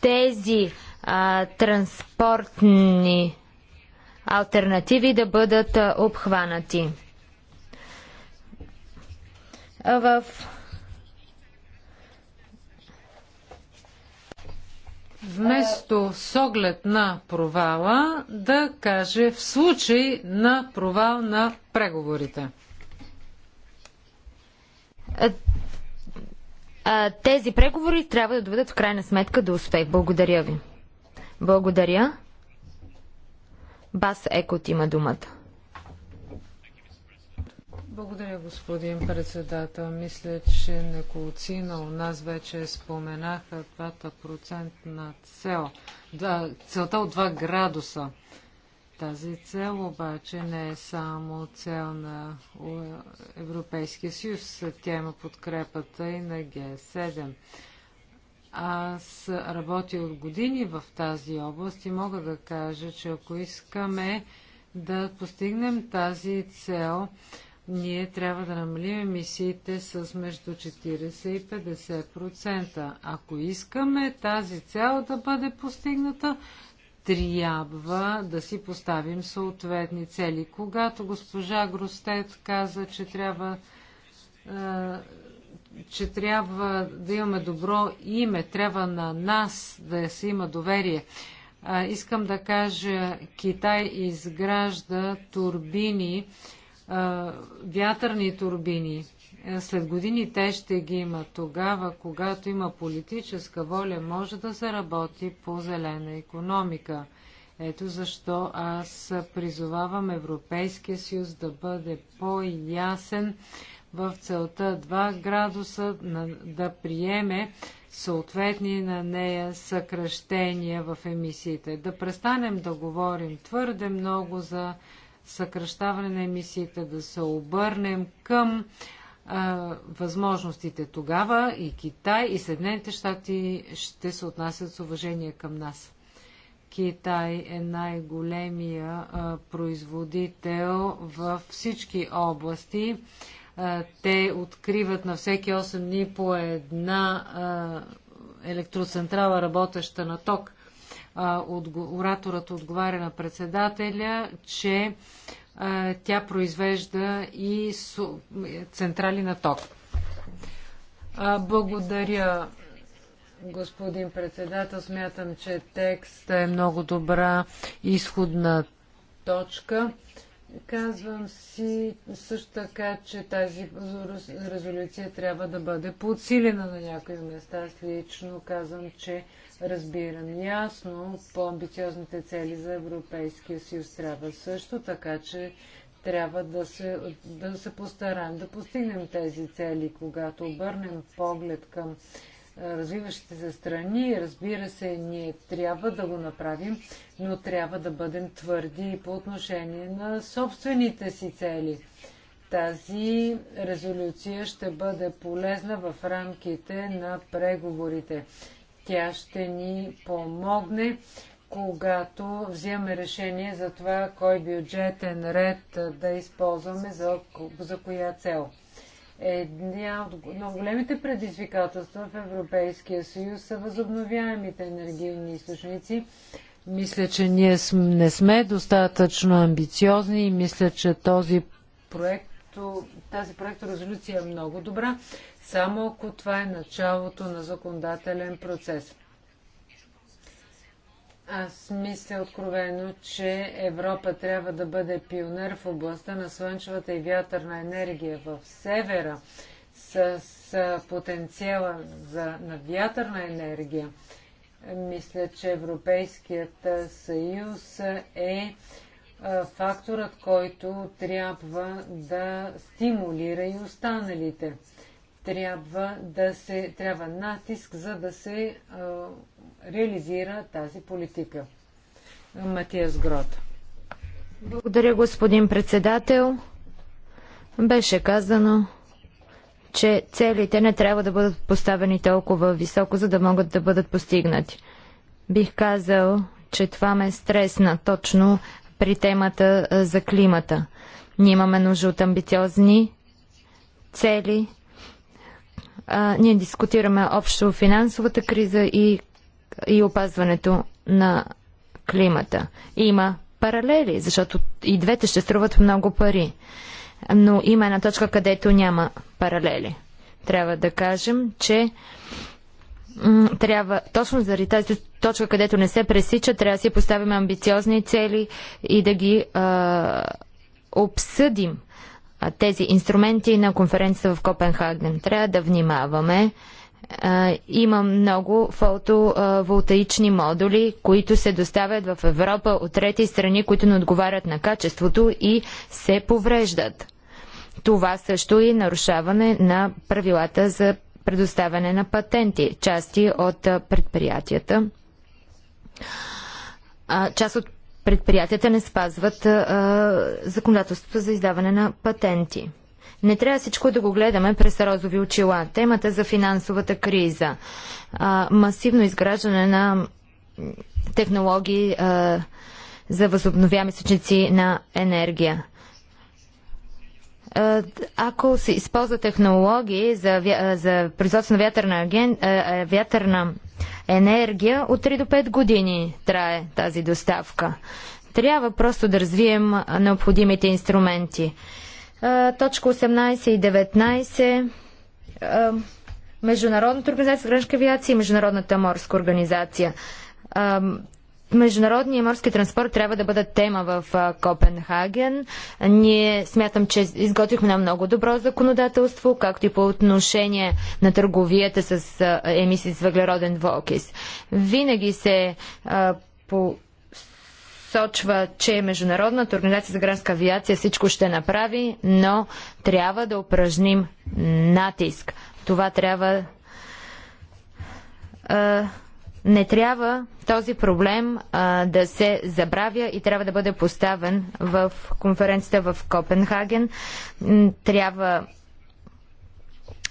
тези а, транспортни альтернативи да бъдат а, обхванати в вместо с оглед на провала да каже в случай на провал на преговорите. Тези преговори трябва да доведат в крайна сметка до успех. Благодаря ви. Благодаря. Бас Екот има думата. Благодаря, господин председател. Мисля, че неколцина у нас вече споменаха двата процентна цел. Да, целта от 2 градуса. Тази цел обаче не е само цел на Европейския съюз. Тя има подкрепата и на Г7. Аз работя от години в тази област и мога да кажа, че ако искаме да постигнем тази цел, ние трябва да намалим емисиите с между 40 и 50%. Ако искаме тази цел да бъде постигната, трябва да си поставим съответни цели. Когато госпожа Гростет каза, че трябва, е, че трябва да имаме добро име, трябва на нас да се има доверие. Е, искам да кажа, Китай изгражда турбини, вятърни турбини. Е, след години те ще ги има. Тогава, когато има политическа воля, може да се работи по зелена економика. Ето защо аз призовавам Европейския съюз да бъде по-ясен в целта 2 градуса на, да приеме съответни на нея съкръщения в емисиите. Да престанем да говорим твърде много за съкръщаване на емисиите, да се обърнем към а, възможностите. Тогава и Китай, и Съединените щати ще се отнасят с уважение към нас. Китай е най-големия производител във всички области. А, те откриват на всеки 8 дни по една а, електроцентрала, работеща на ток ораторът отговаря на председателя, че тя произвежда и централи на ток. Благодаря, господин председател. Смятам, че текст е много добра изходна точка. Казвам си също така, че тази резолюция трябва да бъде подсилена на някои места. Аз лично казвам, че Разбирам ясно по-амбициозните цели за Европейския съюз. Трябва също така, че трябва да се, да се постараем да постигнем тези цели, когато обърнем поглед към развиващите се страни. Разбира се, ние трябва да го направим, но трябва да бъдем твърди и по отношение на собствените си цели. Тази резолюция ще бъде полезна в рамките на преговорите. Тя ще ни помогне, когато взимаме решение за това, кой бюджетен ред да използваме за, за коя цел. Една от но големите предизвикателства в Европейския съюз са възобновяемите енергийни източници. Мисля, че ние не сме достатъчно амбициозни и мисля, че този проект защото тази проект резолюция е много добра, само ако това е началото на законодателен процес. Аз мисля откровено, че Европа трябва да бъде пионер в областта на слънчевата и вятърна енергия в севера с, с потенциала за, на вятърна енергия. Мисля, че Европейският съюз е факторът, който трябва да стимулира и останалите. Трябва, да се, трябва натиск, за да се а, реализира тази политика. Матиас Грот. Благодаря, господин председател. Беше казано, че целите не трябва да бъдат поставени толкова високо, за да могат да бъдат постигнати. Бих казал, че това ме стресна точно при темата за климата. Ние имаме нужда от амбициозни цели. А, ние дискутираме общо финансовата криза и, и опазването на климата. Има паралели, защото и двете ще струват много пари. Но има една точка, където няма паралели. Трябва да кажем, че трябва точно заради тази точка, където не се пресича, трябва да си поставим амбициозни цели и да ги а, обсъдим а, тези инструменти на конференцията в Копенхаген. Трябва да внимаваме. А, има много фотоволтаични модули, които се доставят в Европа от трети страни, които не отговарят на качеството и се повреждат. Това също и нарушаване на правилата за предоставяне на патенти, части от предприятията. Част от предприятията не спазват законодателството за издаване на патенти. Не трябва всичко да го гледаме през розови очила. Темата за финансовата криза, масивно изграждане на технологии за възобновяеми източници на енергия. Е, ако се използва технологии за, е, за производство на вятърна, аген, е, вятърна енергия, от 3 до 5 години трае тази доставка. Трябва просто да развием необходимите инструменти. Точка 18 и 19. Международната организация за гражданска авиация и Международната морска организация. Международният морски транспорт трябва да бъде тема в Копенхаген. Ние смятам, че изготвихме на много добро законодателство, както и по отношение на търговията с емисии с въглероден двуокис. Винаги се а, по сочва, че Международната организация за гражданска авиация всичко ще направи, но трябва да упражним натиск. Това трябва а, не трябва този проблем а, да се забравя и трябва да бъде поставен в конференцията в Копенхаген. Трябва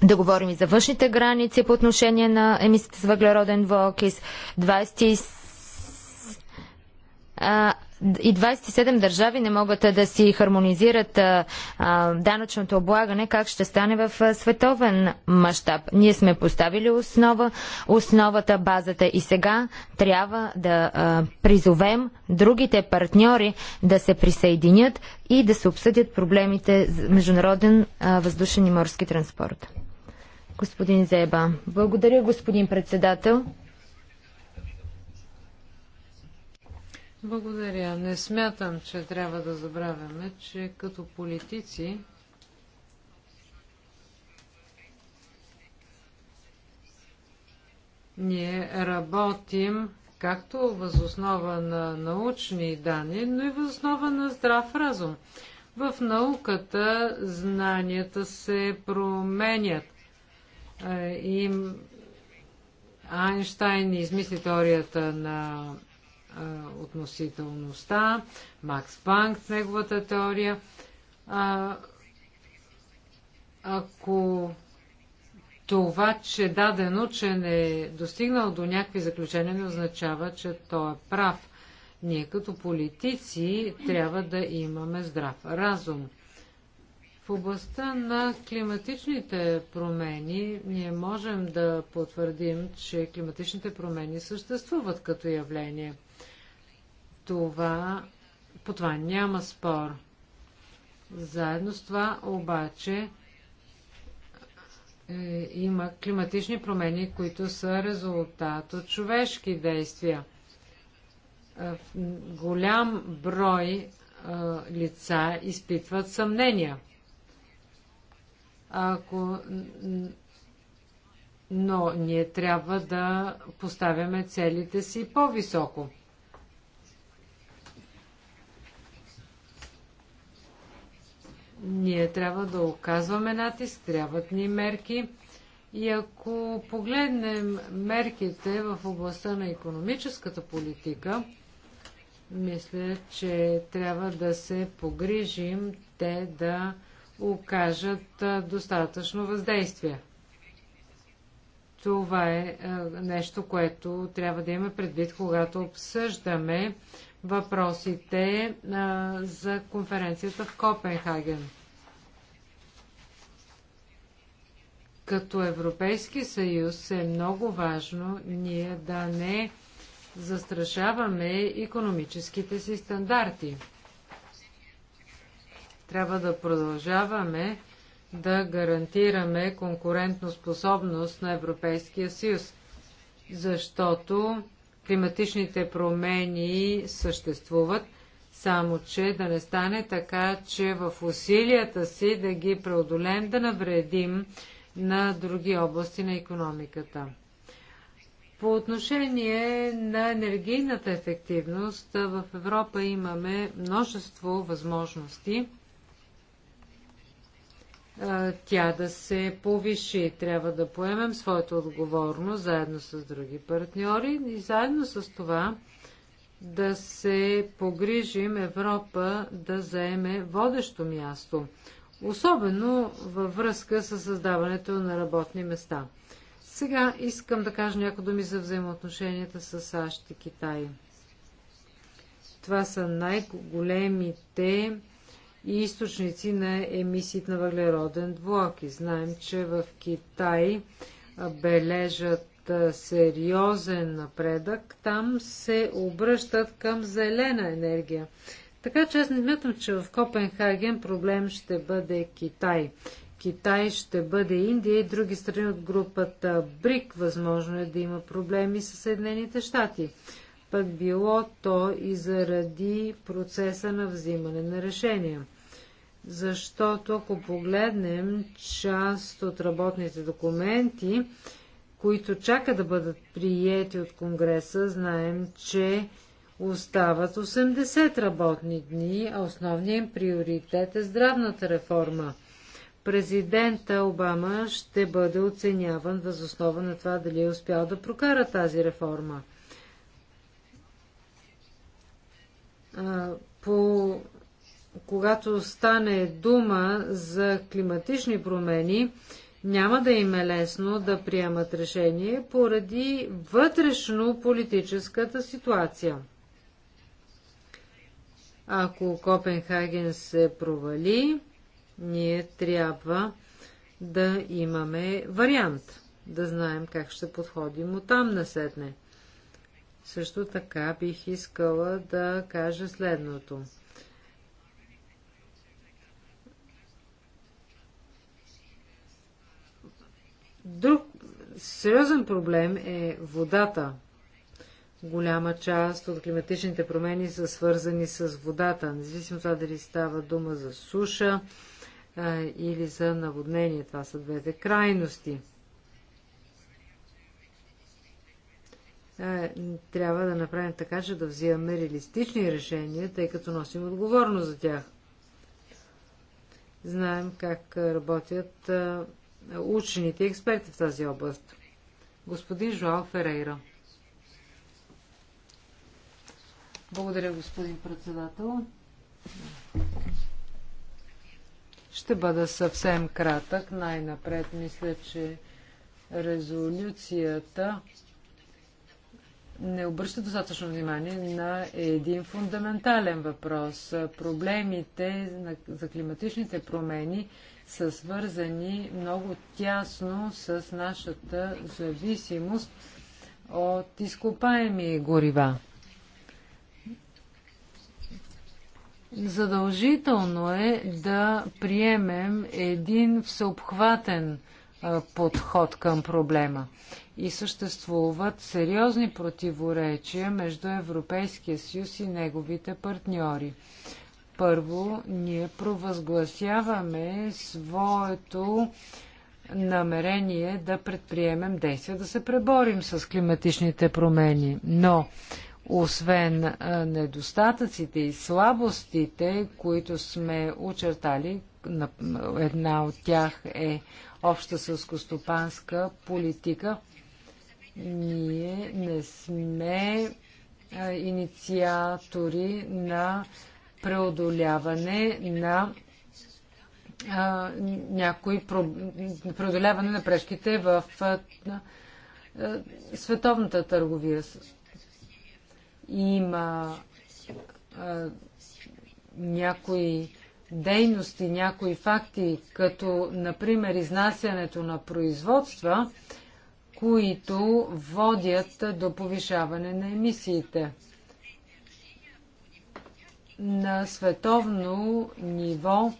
да говорим и за външните граници по отношение на емисията с въглероден двуокис. 20 и 27 държави не могат да си хармонизират данъчното облагане, как ще стане в световен мащаб. Ние сме поставили основа, основата, базата и сега трябва да призовем другите партньори да се присъединят и да се обсъдят проблемите за международен въздушен и морски транспорт. Господин Зеба. Благодаря, господин председател. Благодаря. Не смятам, че трябва да забравяме, че като политици ние работим както възоснова на научни данни, но и възоснова на здрав разум. В науката знанията се променят. Е, им Айнштайн измисли теорията на относителността, Макс Панк с неговата теория. А, ако това, че даден учен е достигнал до някакви заключения, не означава, че той е прав. Ние като политици трябва да имаме здрав разум. В областта на климатичните промени ние можем да потвърдим, че климатичните промени съществуват като явление това, по това няма спор. Заедно с това обаче е, има климатични промени, които са резултат от човешки действия. Е, голям брой е, лица изпитват съмнения. Ако, но ние трябва да поставяме целите си по-високо. Ние трябва да оказваме натиск, трябват ни мерки. И ако погледнем мерките в областта на економическата политика, мисля, че трябва да се погрижим те да окажат достатъчно въздействие. Това е нещо, което трябва да имаме предвид, когато обсъждаме въпросите а, за конференцията в Копенхаген. Като Европейски съюз е много важно ние да не застрашаваме економическите си стандарти. Трябва да продължаваме да гарантираме способност на Европейския съюз, защото климатичните промени съществуват, само че да не стане така, че в усилията си да ги преодолем да навредим на други области на економиката. По отношение на енергийната ефективност, в Европа имаме множество възможности – тя да се повиши. Трябва да поемем своята отговорност заедно с други партньори и заедно с това да се погрижим Европа да заеме водещо място, особено във връзка с създаването на работни места. Сега искам да кажа някои думи за взаимоотношенията с САЩ и Китай. Това са най-големите и източници на емисиите на въглероден двуокис. Знаем, че в Китай бележат сериозен напредък, там се обръщат към зелена енергия. Така че аз не смятам, че в Копенхаген проблем ще бъде Китай. Китай ще бъде Индия и други страни от групата БРИК. Възможно е да има проблеми с Съединените щати. Пък било то и заради процеса на взимане на решения защото ако погледнем част от работните документи, които чака да бъдат приети от Конгреса, знаем, че остават 80 работни дни, а основният им приоритет е здравната реформа. Президента Обама ще бъде оценяван възоснова на това дали е успял да прокара тази реформа. По когато стане дума за климатични промени, няма да им е лесно да приемат решение поради вътрешно политическата ситуация. Ако Копенхаген се провали, ние трябва да имаме вариант, да знаем как ще подходим от там насетне. Също така бих искала да кажа следното. Друг сериозен проблем е водата. Голяма част от климатичните промени са свързани с водата, независимо това дали става дума за суша а, или за наводнение. Това са двете крайности. трябва да направим така, че да взимаме реалистични решения, тъй като носим отговорност за тях. Знаем как работят учените и експерти в тази област. Господин Жоал Ферейра. Благодаря, господин председател. Ще бъда съвсем кратък. Най-напред мисля, че резолюцията не обръща достатъчно внимание на един фундаментален въпрос. Проблемите за климатичните промени са свързани много тясно с нашата зависимост от изкопаеми горива. Задължително е да приемем един всеобхватен подход към проблема. И съществуват сериозни противоречия между Европейския съюз и неговите партньори. Първо, ние провъзгласяваме своето намерение да предприемем действия, да се преборим с климатичните промени. Но, освен недостатъците и слабостите, които сме очертали, една от тях е обща сълскостопанска политика, ние не сме инициатори на преодоляване на а, някои преодоляване на прешките в а, а, световната търговия. Има а, някои дейности, някои факти, като например изнасянето на производства, които водят до повишаване на емисиите на световно ниво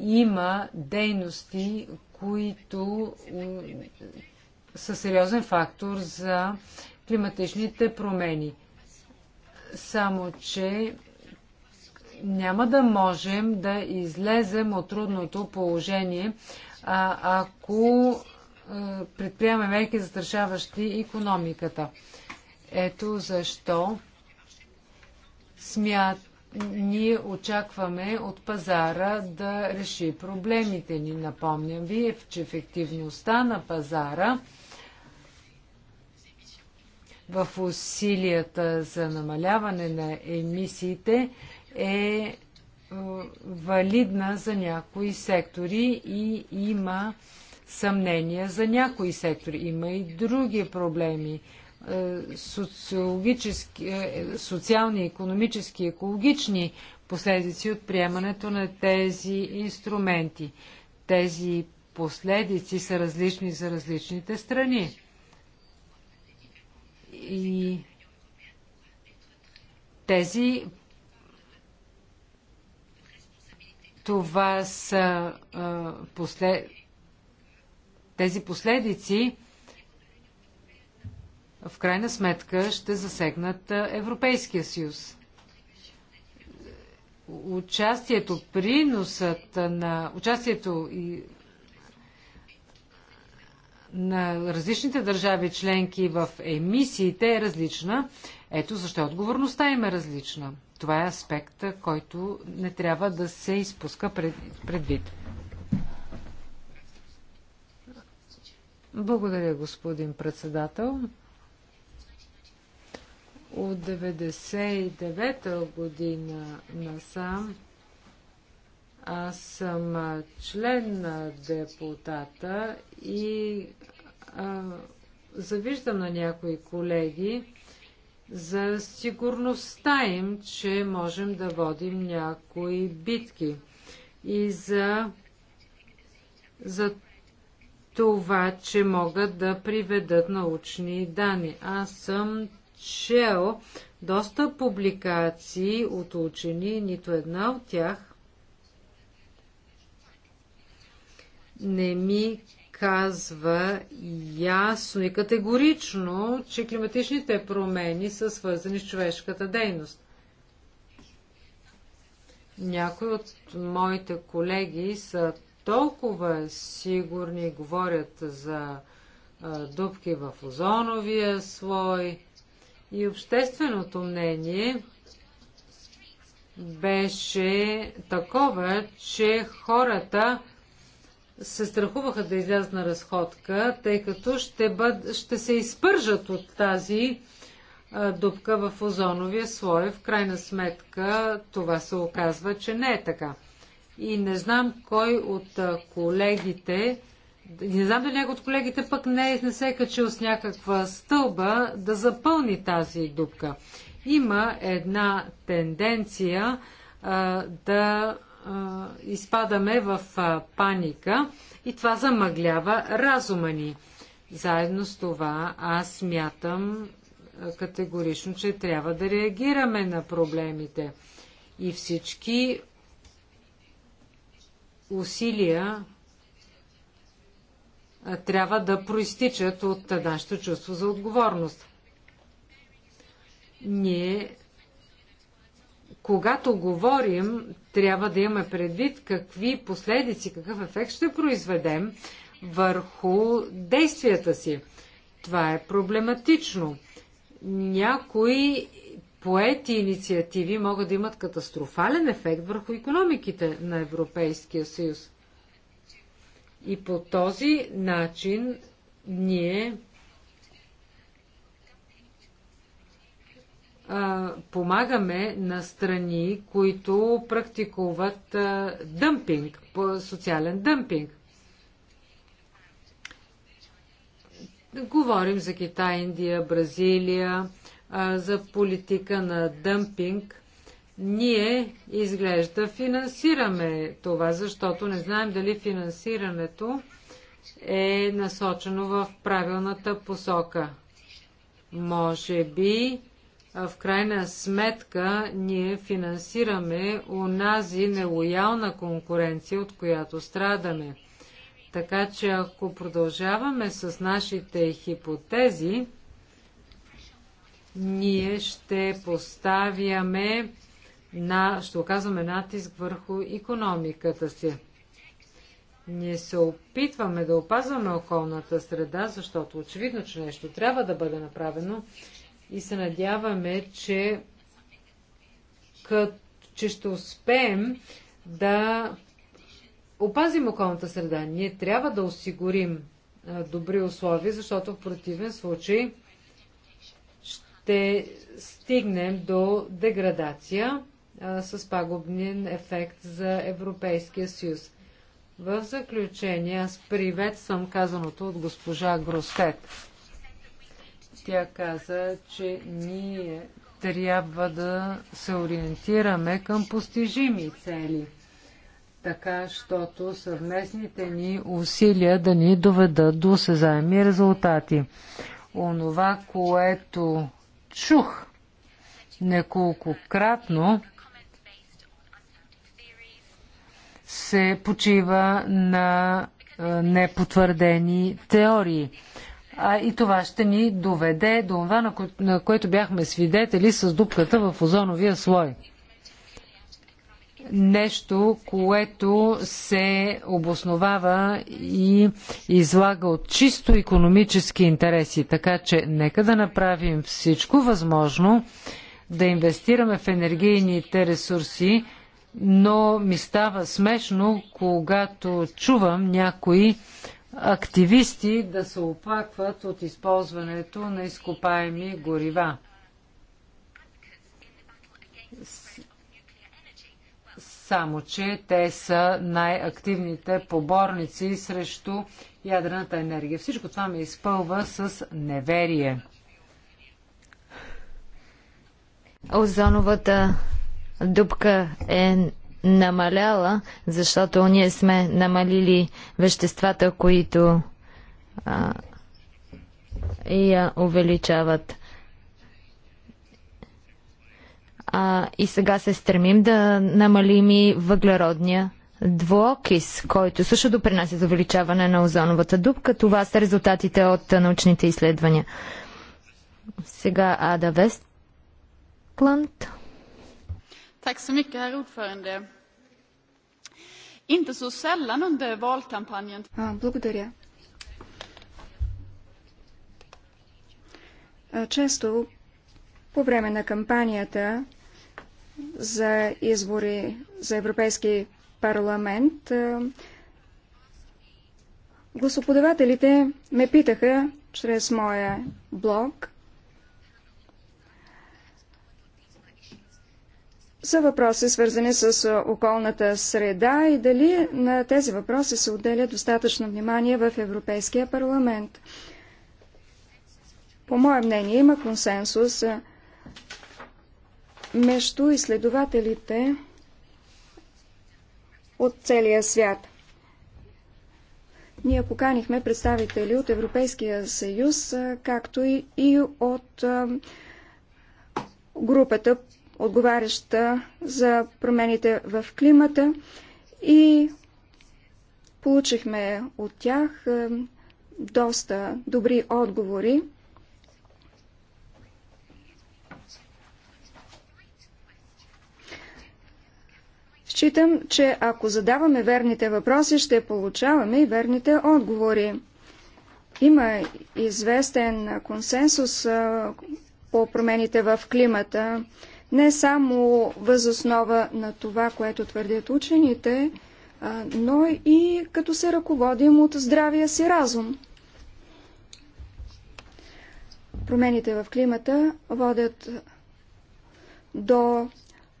има дейности, които са сериозен фактор за климатичните промени. Само, че няма да можем да излезем от трудното положение, а, ако предприемаме мерки, застрашаващи економиката. Ето защо смят, ние очакваме от пазара да реши проблемите ни. Напомням ви, е, че ефективността на пазара в усилията за намаляване на емисиите е, е валидна за някои сектори и има съмнения за някои сектори. Има и други проблеми. Е, е, социални, економически екологични последици от приемането на тези инструменти. Тези последици са различни за различните страни. И тези това са а, е, тези последици в крайна сметка ще засегнат Европейския съюз. Участието, приносът на участието и на различните държави членки в емисиите е различна. Ето защо отговорността им е различна. Това е аспект, който не трябва да се изпуска предвид. Благодаря, господин председател. От 99-та година насам аз съм член на депутата и а, завиждам на някои колеги за сигурността им, че можем да водим някои битки и за, за това, че могат да приведат научни данни. Аз съм прочел доста публикации от учени, нито една от тях не ми казва ясно и категорично, че климатичните промени са свързани с човешката дейност. Някои от моите колеги са толкова сигурни, говорят за дупки в озоновия слой, и общественото мнение беше такова, че хората се страхуваха да излязат на разходка, тъй като ще, бъд, ще се изпържат от тази дупка в озоновия слой. В крайна сметка това се оказва, че не е така. И не знам кой от колегите не знам дали някой от колегите пък не, не се е качил с някаква стълба да запълни тази дупка. Има една тенденция а, да а, изпадаме в а, паника и това замъглява разума ни. Заедно с това аз смятам категорично, че трябва да реагираме на проблемите и всички усилия, трябва да проистичат от нашето чувство за отговорност. Ние, когато говорим, трябва да имаме предвид какви последици, какъв ефект ще произведем върху действията си. Това е проблематично. Някои поети инициативи могат да имат катастрофален ефект върху економиките на Европейския съюз. И по този начин ние а, помагаме на страни, които практикуват а, дъмпинг, социален дъмпинг. Говорим за Китай, Индия, Бразилия, а, за политика на дъмпинг – ние, изглежда, финансираме това, защото не знаем дали финансирането е насочено в правилната посока. Може би, в крайна сметка, ние финансираме унази нелоялна конкуренция, от която страдаме. Така че ако продължаваме с нашите хипотези, ние ще поставяме на, ще оказваме натиск върху економиката си. Ние се опитваме да опазваме околната среда, защото очевидно, че нещо трябва да бъде направено и се надяваме, че, кът, че ще успеем да опазим околната среда. Ние трябва да осигурим добри условия, защото в противен случай ще стигнем до деградация а, с пагубен ефект за Европейския съюз. В заключение аз приветствам казаното от госпожа Гростет. Тя каза, че ние трябва да се ориентираме към постижими цели, така, щото съвместните ни усилия да ни доведат до осезаеми резултати. Онова, което чух неколкократно, се почива на е, непотвърдени теории. А и това ще ни доведе до това, на, кое, на което бяхме свидетели с дупката в озоновия слой. Нещо, което се обосновава и излага от чисто економически интереси. Така че нека да направим всичко възможно да инвестираме в енергийните ресурси, но ми става смешно, когато чувам някои активисти да се оплакват от използването на изкопаеми горива. Само, че те са най-активните поборници срещу ядрената енергия. Всичко това ме изпълва с неверие. Озоновата дупка е намаляла, защото ние сме намалили веществата, които а, я увеличават. А, и сега се стремим да намалим и въглеродния двуокис, който също допринася за увеличаване на озоновата дупка. Това са резултатите от научните изследвания. Сега Ада Вестланд herr Inte så sällan under valkampanjen... Благодаря. Често по време на кампанията за избори за Европейски парламент гласоподавателите ме питаха чрез моя блог – са въпроси, свързани с околната среда и дали на тези въпроси се отделя достатъчно внимание в Европейския парламент. По мое мнение има консенсус между изследователите от целия свят. Ние поканихме представители от Европейския съюз, както и от групата отговаряща за промените в климата и получихме от тях е, доста добри отговори. Считам, че ако задаваме верните въпроси, ще получаваме и верните отговори. Има известен консенсус е, по промените в климата не само възоснова на това, което твърдят учените, но и като се ръководим от здравия си разум. Промените в климата водят до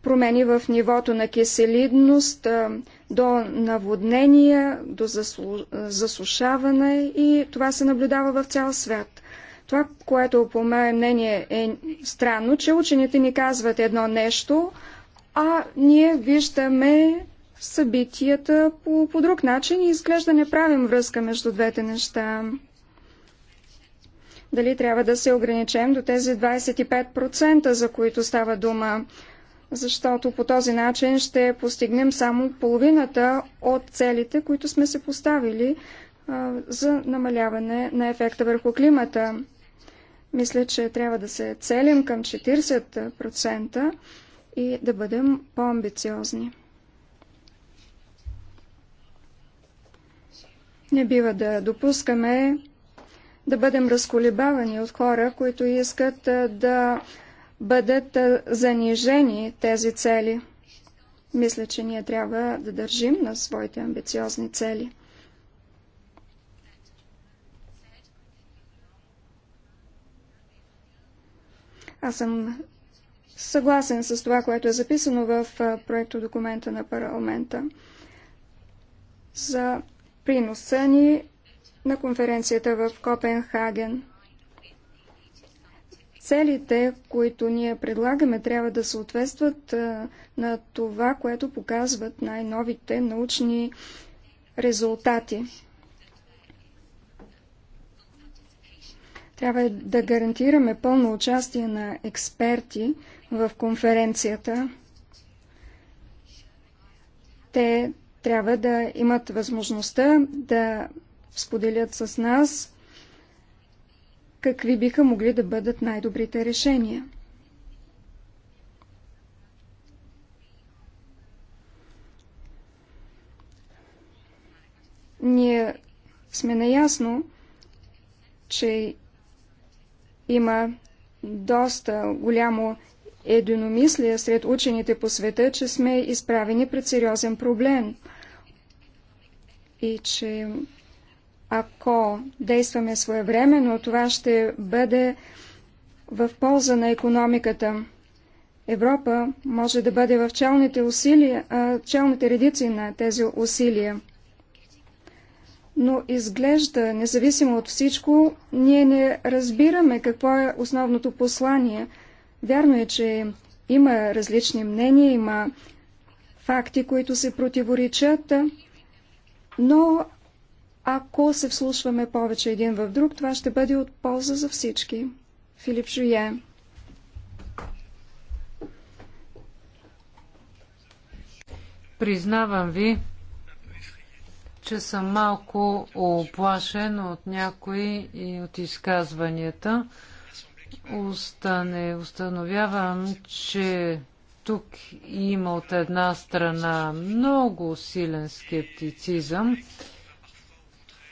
промени в нивото на киселидност, до наводнения, до засушаване и това се наблюдава в цял свят. Това, което по мое мнение е странно, че учените ни казват едно нещо, а ние виждаме събитията по, по друг начин и изглежда не правим връзка между двете неща. Дали трябва да се ограничем до тези 25%, за които става дума, защото по този начин ще постигнем само половината от целите, които сме се поставили а, за намаляване на ефекта върху климата. Мисля, че трябва да се целим към 40% и да бъдем по-амбициозни. Не бива да допускаме да бъдем разколебавани от хора, които искат да бъдат занижени тези цели. Мисля, че ние трябва да държим на своите амбициозни цели. Аз съм съгласен с това, което е записано в проекто документа на парламента за приноса ни на конференцията в Копенхаген. Целите, които ние предлагаме, трябва да съответстват на това, което показват най-новите научни резултати. Трябва да гарантираме пълно участие на експерти в конференцията. Те трябва да имат възможността да споделят с нас какви биха могли да бъдат най-добрите решения. Ние сме наясно, че има доста голямо единомислие сред учените по света, че сме изправени пред сериозен проблем и че ако действаме своевременно, това ще бъде в полза на економиката. Европа може да бъде в челните, усилия, челните редици на тези усилия но изглежда, независимо от всичко, ние не разбираме какво е основното послание. Вярно е, че има различни мнения, има факти, които се противоречат, но ако се вслушваме повече един в друг, това ще бъде от полза за всички. Филип Жуе. Признавам ви, че съм малко оплашен от някои и от изказванията. Остане, установявам, че тук има от една страна много силен скептицизъм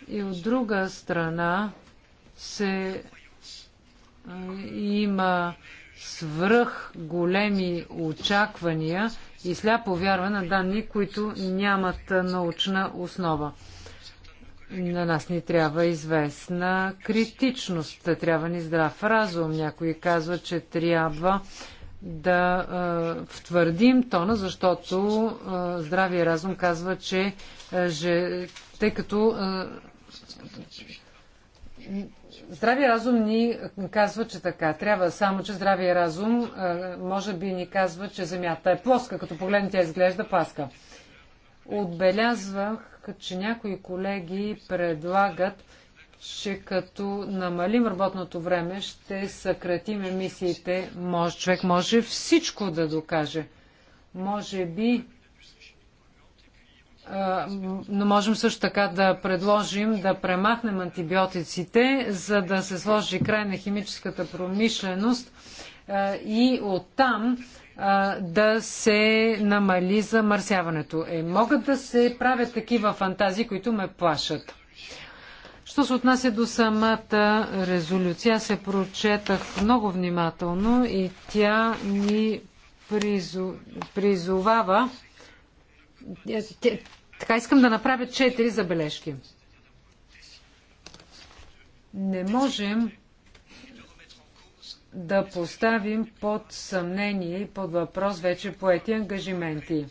и от друга страна се има свръх големи очаквания и сляпо вярва на данни, които нямат научна основа. На нас ни трябва известна критичност, трябва ни здрав разум. Някои казват, че трябва да е, втвърдим тона, защото е, здравия разум казва, че е, же, тъй като е, Здравия разум ни казва, че така. Трябва само, че здравия разум може би ни казва, че Земята е плоска. Като погледнете, тя изглежда пласка. Отбелязвах, че някои колеги предлагат, че като намалим работното време, ще съкратим емисиите. Може, човек може всичко да докаже. Може би но можем също така да предложим да премахнем антибиотиците, за да се сложи край на химическата промишленост и оттам да се намали замърсяването. Е, могат да се правят такива фантазии, които ме плашат. Що се отнася до самата резолюция, се прочетах много внимателно и тя ни призовава така искам да направя четири забележки. Не можем да поставим под съмнение и под въпрос вече поети ангажименти.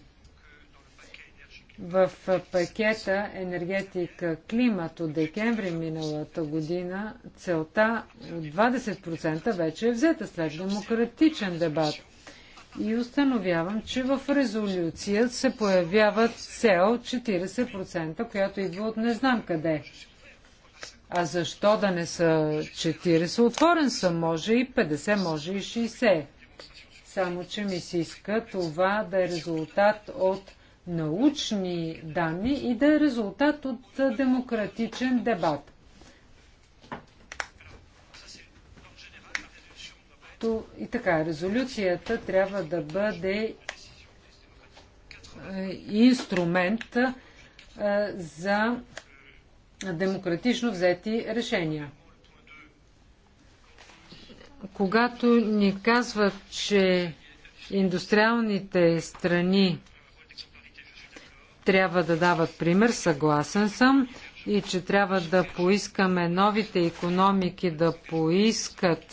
В пакета енергетика климат от декември миналата година целта от 20% вече е взета след демократичен дебат – и установявам, че в резолюция се появява цел 40%, която идва от не знам къде. А защо да не са 40? Отворен съм, може и 50, може и 60. Само, че ми се иска това да е резултат от научни данни и да е резултат от демократичен дебат. И така, резолюцията трябва да бъде е, инструмент е, за демократично взети решения. Когато ни казват, че индустриалните страни трябва да дават пример, съгласен съм, и че трябва да поискаме новите економики да поискат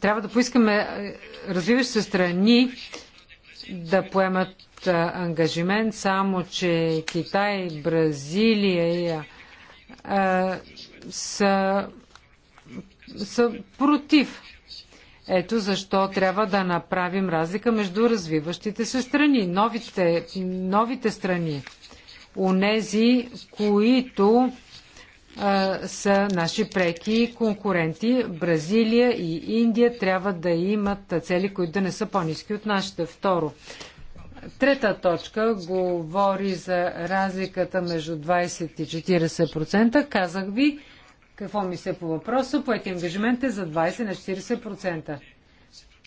трябва да поискаме е, развиващи се страни да поемат е, ангажимент, само че Китай, Бразилия а, е, са, са против. Ето защо трябва да направим разлика между развиващите се страни, новите, новите страни, унези, които са наши преки конкуренти. Бразилия и Индия трябва да имат цели, които да не са по-низки от нашите. Второ, Трета точка говори за разликата между 20 и 40%. Казах ви какво ми се по въпроса. Поети ангажимент е за 20 на 40%.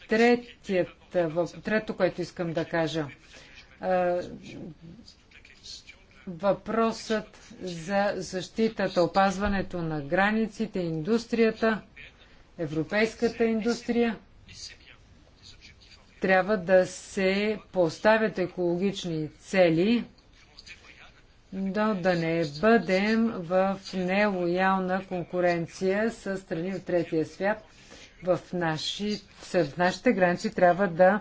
Третият, трето, което искам да кажа. Въпросът за защитата, опазването на границите, индустрията, европейската индустрия, трябва да се поставят екологични цели, но да не бъдем в нелоялна конкуренция с страни от третия свят. В, наши, в нашите граници трябва да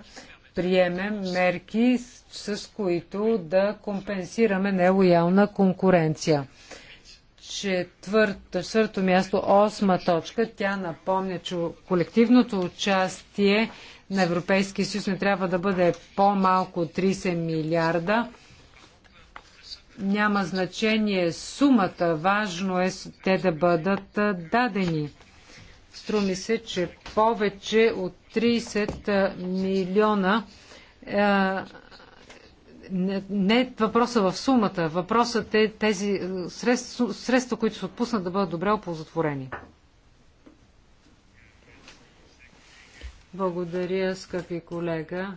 предприемем мерки, с които да компенсираме нелоялна конкуренция. Четвърто, четвърто място, осма точка, тя напомня, че колективното участие на Европейския съюз не трябва да бъде по-малко 30 милиарда. Няма значение сумата, важно е те да бъдат дадени. Струми се, че повече от 30 милиона не, е въпроса в сумата, въпросът е тези средства, средства, които се отпуснат да бъдат добре оползотворени. Благодаря, скъпи колега.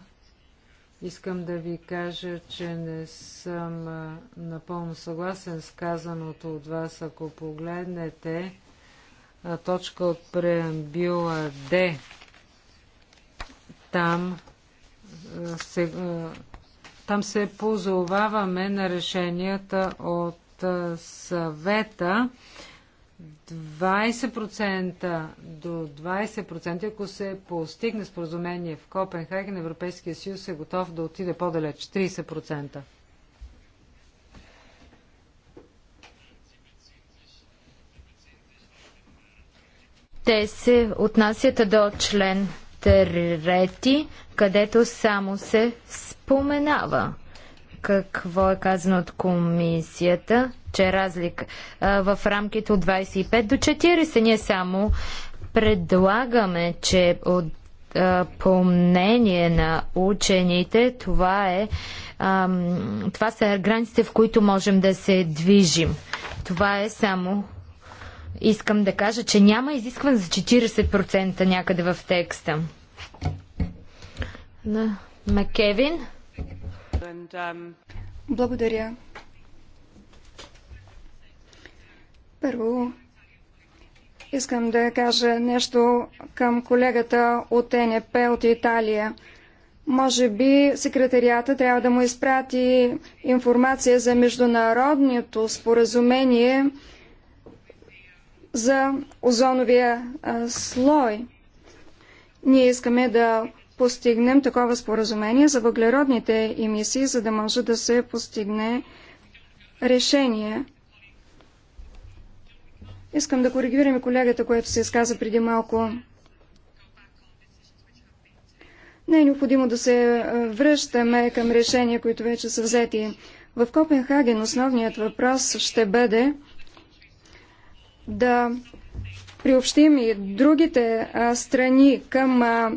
Искам да ви кажа, че не съм напълно съгласен с казаното от вас. Ако погледнете точка от преамбила Д. Там се, там се позоваваме на решенията от съвета 20% до 20%, ако се постигне споразумение в Копенхаген, Европейския съюз е готов да отиде по-далеч 30%. Те се отнасят до член трети, където само се споменава какво е казано от комисията, че разлика в рамките от 25 до 40. Ние само предлагаме, че от по мнение на учените, това, е, това са границите, в които можем да се движим. Това е само искам да кажа, че няма изискване за 40% някъде в текста. На Макевин. Um, Благодаря. Първо, искам да кажа нещо към колегата от НП от Италия. Може би секретарията трябва да му изпрати информация за международното споразумение, за озоновия а, слой. Ние искаме да постигнем такова споразумение за въглеродните емисии, за да може да се постигне решение. Искам да коригираме колегата, което се изказа преди малко. Не е необходимо да се връщаме към решения, които вече са взети. В Копенхаген основният въпрос ще бъде да приобщим и другите а, страни към а,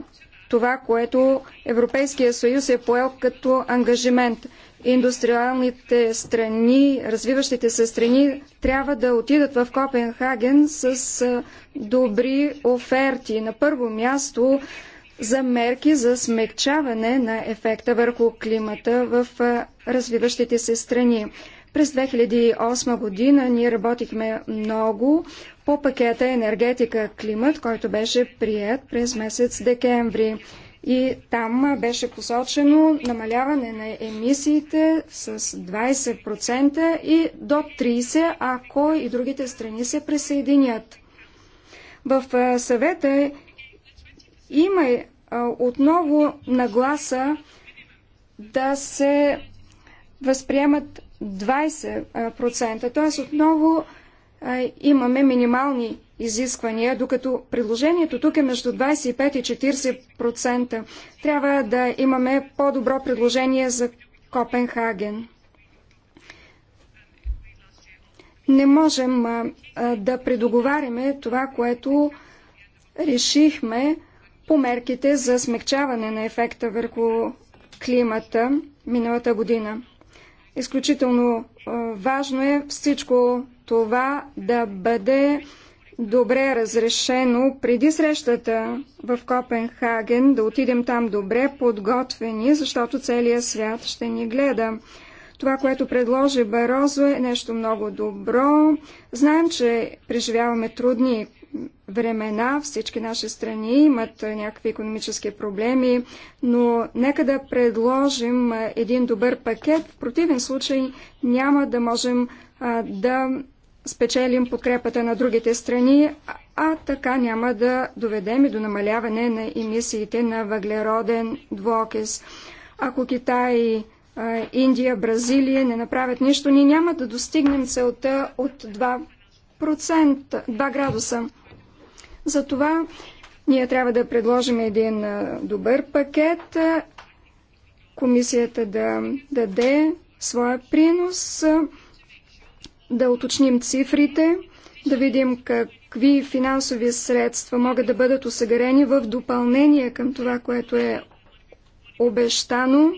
това, което Европейския съюз е поел като ангажимент. Индустриалните страни, развиващите се страни трябва да отидат в Копенхаген с а, добри оферти. На първо място за мерки за смягчаване на ефекта върху климата в развиващите се страни. През 2008 година ние работихме много по пакета енергетика климат, който беше прият през месец декември. И там беше посочено намаляване на емисиите с 20% и до 30%, ако и другите страни се присъединят. В съвета има отново нагласа да се възприемат 20%. Т.е. отново имаме минимални изисквания, докато предложението тук е между 25 и 40%. Трябва да имаме по-добро предложение за Копенхаген. Не можем да предоговаряме това, което решихме по мерките за смягчаване на ефекта върху климата миналата година. Изключително важно е всичко това да бъде добре разрешено преди срещата в Копенхаген, да отидем там добре подготвени, защото целият свят ще ни гледа. Това, което предложи Барозо е нещо много добро. Знаем, че преживяваме трудни времена, всички наши страни имат някакви економически проблеми, но нека да предложим един добър пакет. В противен случай няма да можем а, да спечелим подкрепата на другите страни, а така няма да доведем и до намаляване на емисиите на въглероден двуокис. Ако Китай, Индия, Бразилия не направят нищо, ние няма да достигнем целта от 2%, 2 градуса. Затова ние трябва да предложим един добър пакет, комисията да даде своя принос, да уточним цифрите, да видим какви финансови средства могат да бъдат осъгарени в допълнение към това, което е обещано.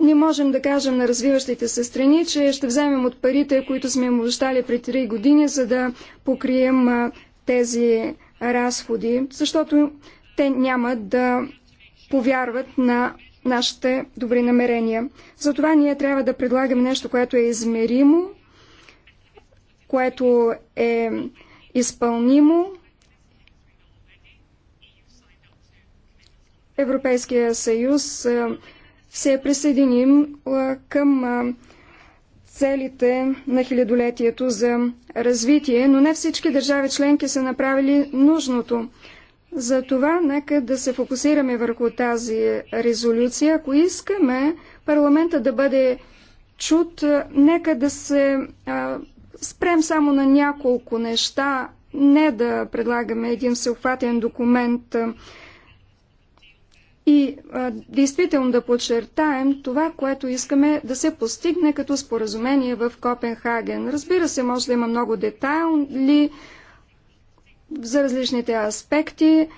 Не можем да кажем на развиващите се страни, че ще вземем от парите, които сме им обещали при 3 години, за да покрием тези разходи, защото те няма да повярват на нашите добри намерения. Затова ние трябва да предлагаме нещо, което е измеримо, което е изпълнимо. Европейския съюз се е присъединим към целите на хилядолетието за развитие, но не всички държави членки са направили нужното. Затова нека да се фокусираме върху тази резолюция. Ако искаме парламента да бъде чут, нека да се а, спрем само на няколко неща, не да предлагаме един всеобхватен документ и а, действително да подчертаем това, което искаме да се постигне като споразумение в Копенхаген. Разбира се, може да има много детайли за различните аспекти,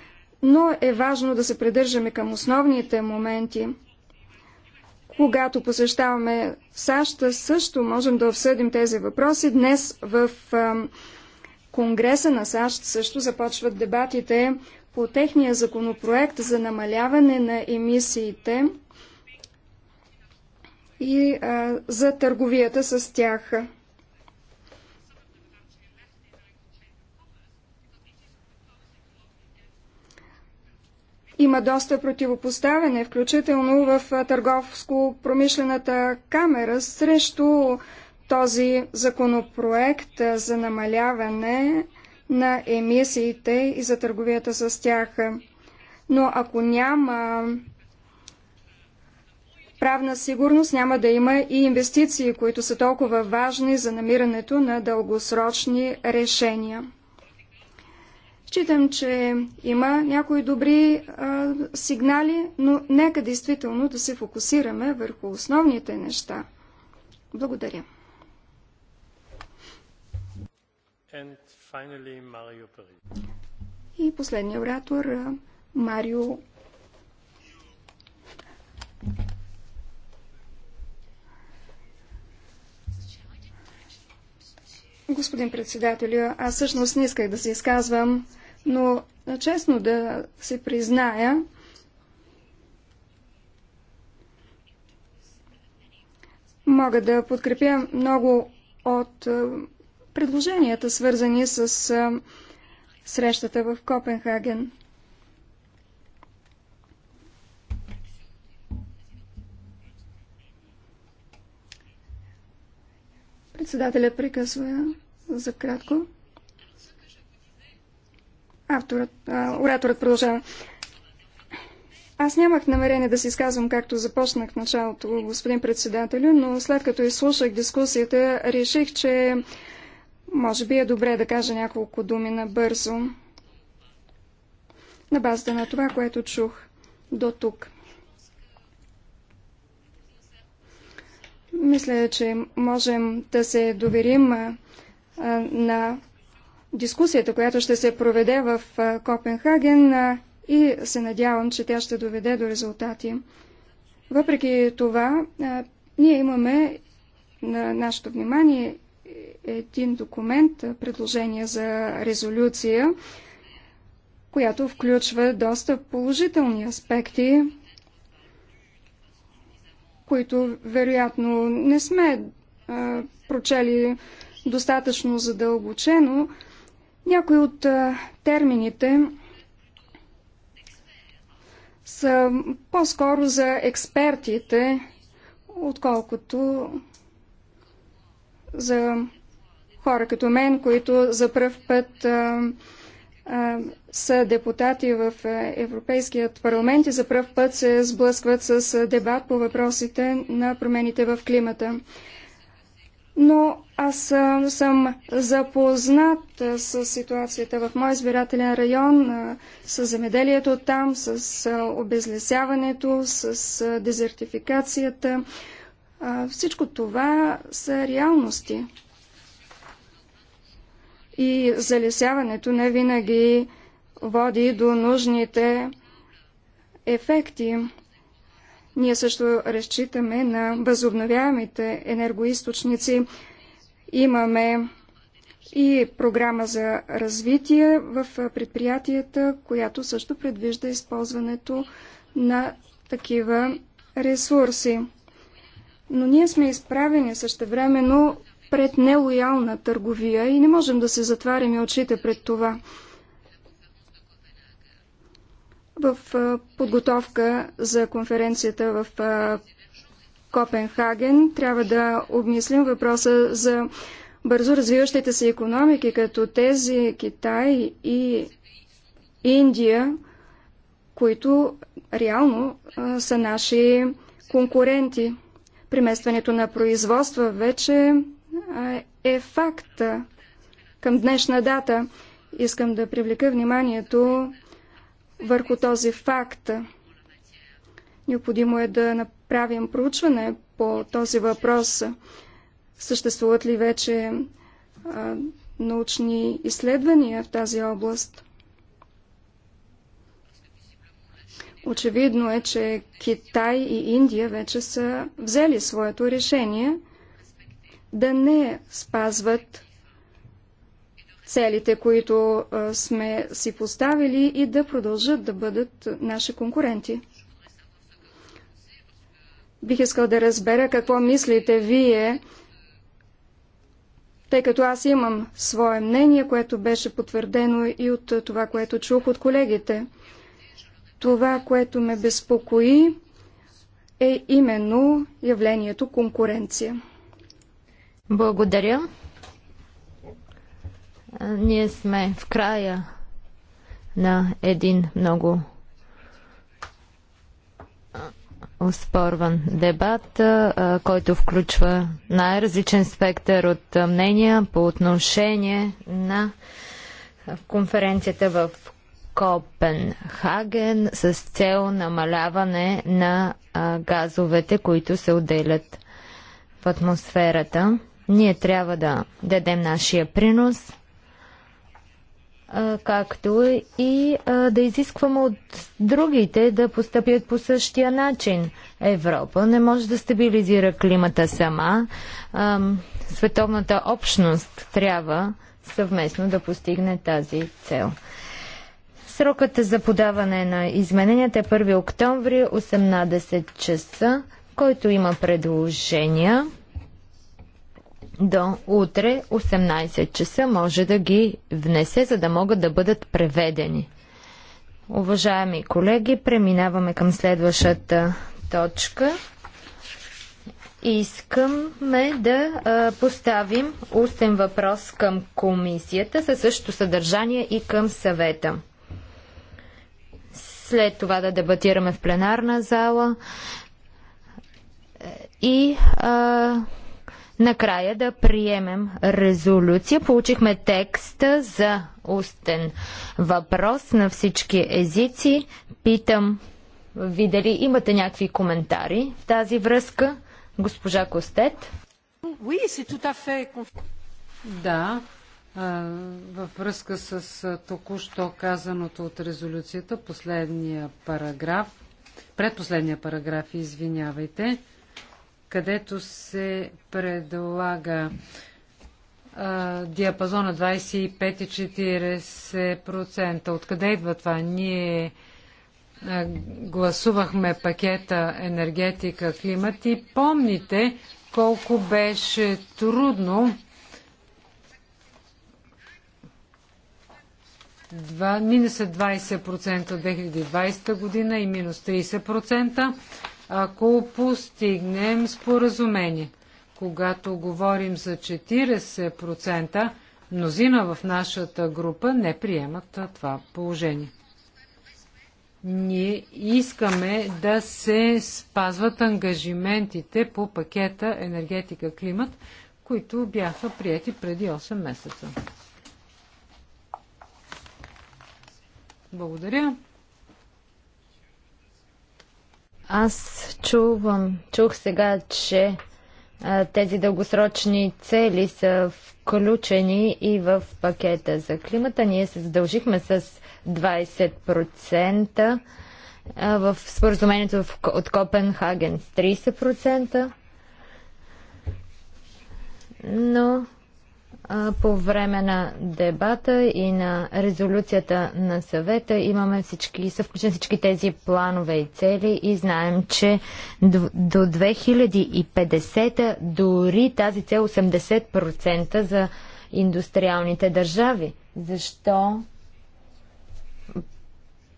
но е важно да се придържаме към основните моменти. Когато посещаваме САЩ, също можем да обсъдим тези въпроси. Днес в а, Конгреса на САЩ също започват дебатите по техния законопроект за намаляване на емисиите и а, за търговията с тях. Има доста противопоставяне, включително в Търговско-промишлената камера срещу този законопроект за намаляване на емисиите и за търговията с тях. Но ако няма правна сигурност, няма да има и инвестиции, които са толкова важни за намирането на дългосрочни решения. Считам, че има някои добри а, сигнали, но нека действително да се фокусираме върху основните неща. Благодаря. And finally, Mario И последния оратор Марио Господин председател, аз всъщност не исках да се изказвам, но честно да се призная, мога да подкрепя много от предложенията, свързани с срещата в Копенхаген. Председателя прекъсва за кратко. Авторът, а, ораторът продължава. Аз нямах намерение да се изказвам, както започнах в началото, господин председателю, но след като изслушах дискусията, реших, че може би е добре да кажа няколко думи набързо на базата на това, което чух до тук. Мисля, че можем да се доверим а, на дискусията, която ще се проведе в а, Копенхаген а, и се надявам, че тя ще доведе до резултати. Въпреки това, ние имаме на нашето внимание един документ, предложение за резолюция, която включва доста положителни аспекти, които вероятно не сме а, прочели достатъчно задълбочено. Някои от а, термините са по-скоро за експертите, отколкото за хора като мен, които за пръв път а, а, са депутати в Европейският парламент и за пръв път се сблъскват с дебат по въпросите на промените в климата. Но аз съм, запознат с ситуацията в моя избирателен район, с земеделието там, с обезлесяването, с дезертификацията. Всичко това са реалности и залесяването не винаги води до нужните ефекти. Ние също разчитаме на възобновяемите енергоисточници. Имаме и програма за развитие в предприятията, която също предвижда използването на такива ресурси. Но ние сме изправени същевременно пред нелоялна търговия и не можем да се затваряме очите пред това. В подготовка за конференцията в Копенхаген трябва да обмислим въпроса за бързо развиващите се економики, като тези Китай и Индия, които реално а, са наши конкуренти. Приместването на производства вече е факт към днешна дата. Искам да привлека вниманието върху този факт. Необходимо е да направим проучване по този въпрос. Съществуват ли вече а, научни изследвания в тази област? Очевидно е, че Китай и Индия вече са взели своето решение – да не спазват целите, които сме си поставили и да продължат да бъдат наши конкуренти. Бих искал да разбера какво мислите вие, тъй като аз имам свое мнение, което беше потвърдено и от това, което чух от колегите. Това, което ме безпокои, е именно явлението конкуренция. Благодаря. Ние сме в края на един много оспорван дебат, който включва най-различен спектър от мнения по отношение на конференцията в Копенхаген с цел намаляване на газовете, които се отделят в атмосферата. Ние трябва да дадем нашия принос, както и да изискваме от другите да постъпят по същия начин. Европа не може да стабилизира климата сама. Световната общност трябва съвместно да постигне тази цел. Срокът за подаване на измененията е 1 октомври 18 часа. Който има предложения, до утре 18 часа може да ги внесе, за да могат да бъдат преведени. Уважаеми колеги, преминаваме към следващата точка. Искаме да а, поставим устен въпрос към комисията със същото съдържание и към съвета. След това да дебатираме в пленарна зала е, и а, накрая да приемем резолюция. Получихме текста за устен въпрос на всички езици. Питам ви дали имате някакви коментари в тази връзка. Госпожа Костет. Да, във връзка с току-що казаното от резолюцията, последния параграф, предпоследния параграф, извинявайте, където се предлага диапазона 25-40%. Откъде идва това? Ние гласувахме пакета енергетика, климат и помните колко беше трудно 2, минус 20% от 2020 година и минус 30% ако постигнем споразумение. Когато говорим за 40%, мнозина в нашата група не приемат това положение. Ние искаме да се спазват ангажиментите по пакета енергетика-климат, които бяха прияти преди 8 месеца. Благодаря. Аз чувам, чух сега, че а, тези дългосрочни цели са включени и в пакета за климата. Ние се задължихме с 20% а, в споразумението в, от Копенхаген с 30%. Но по време на дебата и на резолюцията на съвета имаме всички, са включени всички тези планове и цели и знаем, че до, до 2050 дори тази цел 80% за индустриалните държави. Защо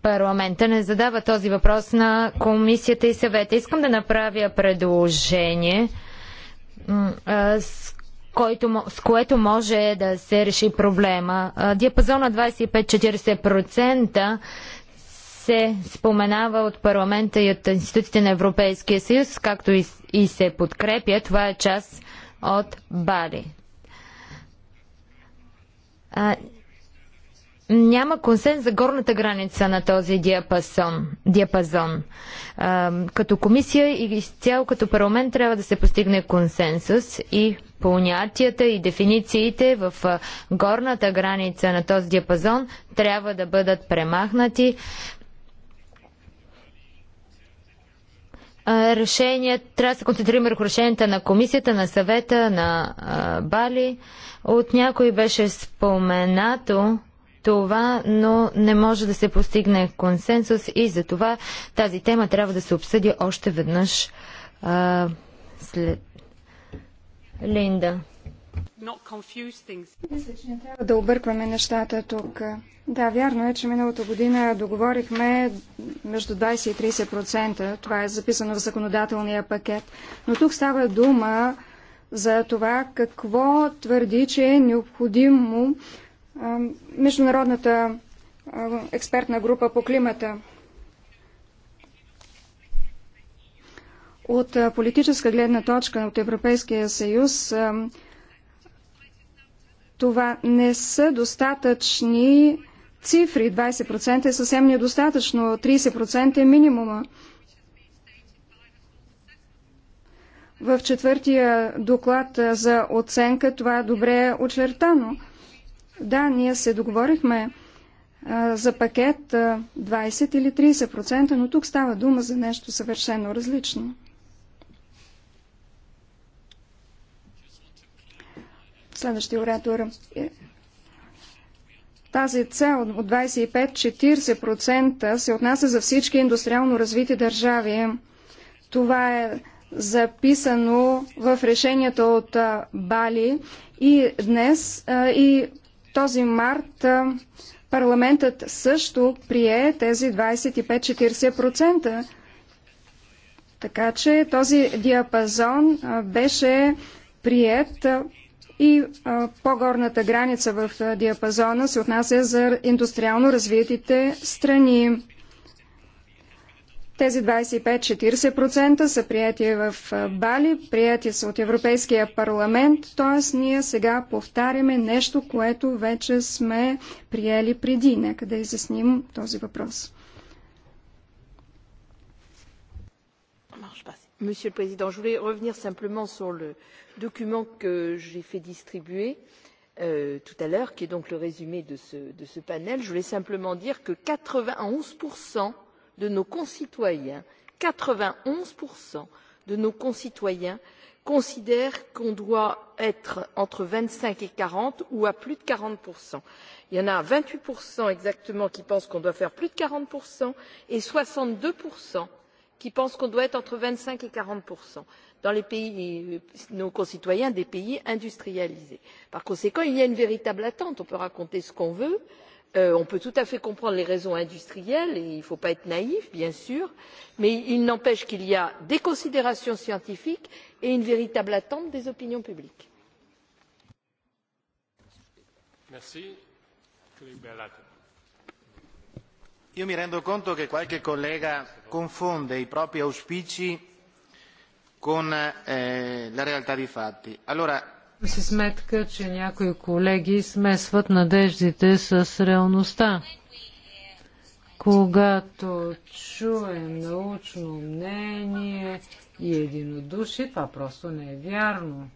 парламента не задава този въпрос на комисията и съвета? Искам да направя предложение с който, с което може да се реши проблема. Диапазона 25-40% се споменава от парламента и от институциите на Европейския съюз, както и, се подкрепя. Това е част от Бали. няма консенс за горната граница на този диапазон. диапазон. като комисия и изцяло като парламент трябва да се постигне консенсус и понятията и дефинициите в горната граница на този диапазон трябва да бъдат премахнати. Решение, трябва да се концентрираме върху решенията на комисията, на съвета, на Бали. От някой беше споменато това, но не може да се постигне консенсус и за това тази тема трябва да се обсъди още веднъж а, след Линда. Мисля, че не трябва да объркваме нещата тук. Да, вярно е, че миналата година договорихме между 20 и 30%. Това е записано в законодателния пакет. Но тук става дума за това какво твърди, че е необходимо международната експертна група по климата. От политическа гледна точка от Европейския съюз това не са достатъчни цифри. 20% е съвсем недостатъчно, 30% е минимума. В четвъртия доклад за оценка това е добре очертано. Да, ние се договорихме за пакет 20 или 30%, но тук става дума за нещо съвършено различно. Следващия оратор. Е тази цел от 25-40% се отнася за всички индустриално развити държави. Това е записано в решението от Бали и днес и този март парламентът също прие тези 25-40%. Така че този диапазон беше прият и по-горната граница в диапазона се отнася за индустриално развитите страни. Тези 25-40% са прияти в Бали, прияти са от Европейския парламент, т.е. ние сега повтаряме нещо, което вече сме приели преди. Нека да изясним този въпрос. monsieur le président je voulais revenir simplement sur le document que j'ai fait distribuer tout à l'heure qui est donc le résumé de ce panel. je voulais simplement dire que quatre vingt onze de nos concitoyens quatre vingt onze de nos concitoyens considèrent qu'on doit être entre vingt cinq et quarante ou à plus de quarante il y en a vingt huit exactement qui pensent qu'on doit faire plus de quarante et soixante deux qui pensent qu'on doit être entre vingt cinq et quarante dans nos concitoyens des pays industrialisés. par conséquent il y a une véritable attente on peut raconter ce qu'on veut on peut tout à fait comprendre les raisons industrielles et il ne faut pas être naïf bien sûr mais il n'empêche qu'il y a des considérations scientifiques et une véritable attente des opinions publiques io mi rendo conto che qualche collega confonde i propri auspici con eh, la realtà dei fatti. Allora, си сметка, че някои колеги смесват надеждите с реалността. Когато чуем научно мнение и единодушие, това просто не е вярно.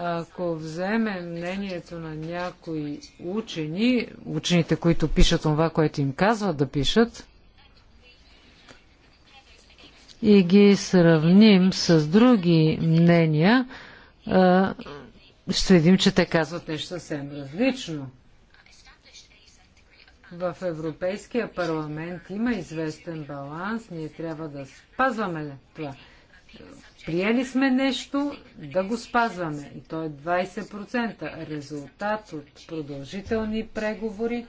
Ако вземем мнението на някои учени, учените, които пишат това, което им казват да пишат, и ги сравним с други мнения, ще видим, че те казват нещо съвсем различно. В Европейския парламент има известен баланс, ние трябва да спазваме това приели сме нещо, да го спазваме. И то е 20% резултат от продължителни преговори,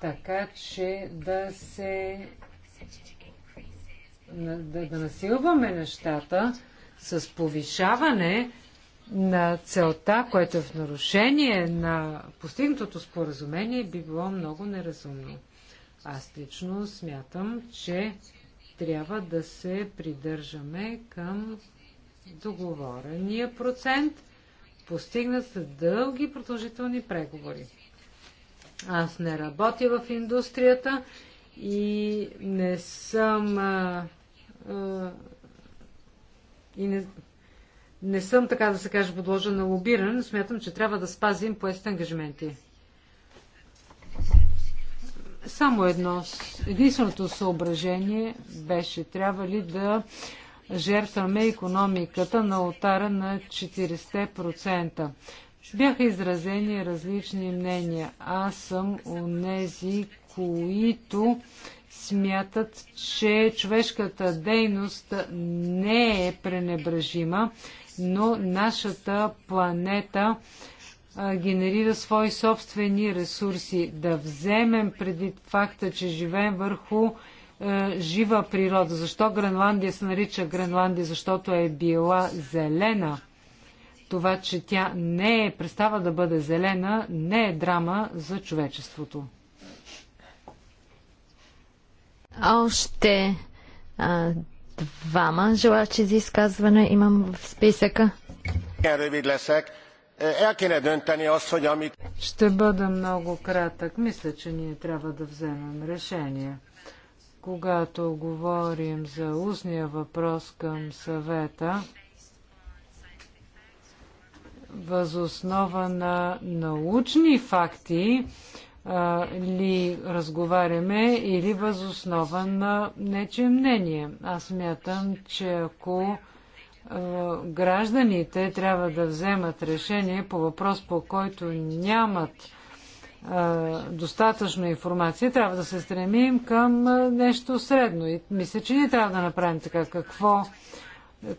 така че да се да, да насилваме нещата с повишаване на целта, което е в нарушение на постигнатото споразумение, би било много неразумно. Аз лично смятам, че трябва да се придържаме към договорения процент, постигнат с дълги продължителни преговори. Аз не работя в индустрията и не съм а, а, и не, не съм, така да се каже, подложен на лобиране, но смятам, че трябва да спазим поестите ангажименти. Само едно, единственото съображение беше трябва ли да жертваме економиката на отара на 40%. Бяха изразени различни мнения. Аз съм онези, които смятат, че човешката дейност не е пренебрежима, но нашата планета генерира свои собствени ресурси. Да вземем преди факта, че живеем върху е, жива природа. Защо Гренландия се нарича Гренландия? Защото е била зелена. Това, че тя не е, престава да бъде зелена, не е драма за човечеството. Още а, двама желачи за изказване имам в списъка. Ще бъда много кратък. Мисля, че ние трябва да вземем решение. Когато говорим за устния въпрос към съвета, възоснова на научни факти а, ли разговаряме или възоснова на нече мнение. Аз мятам, че ако гражданите трябва да вземат решение по въпрос, по който нямат достатъчно информация, трябва да се стремим към нещо средно. И мисля, че ние трябва да направим така. Какво,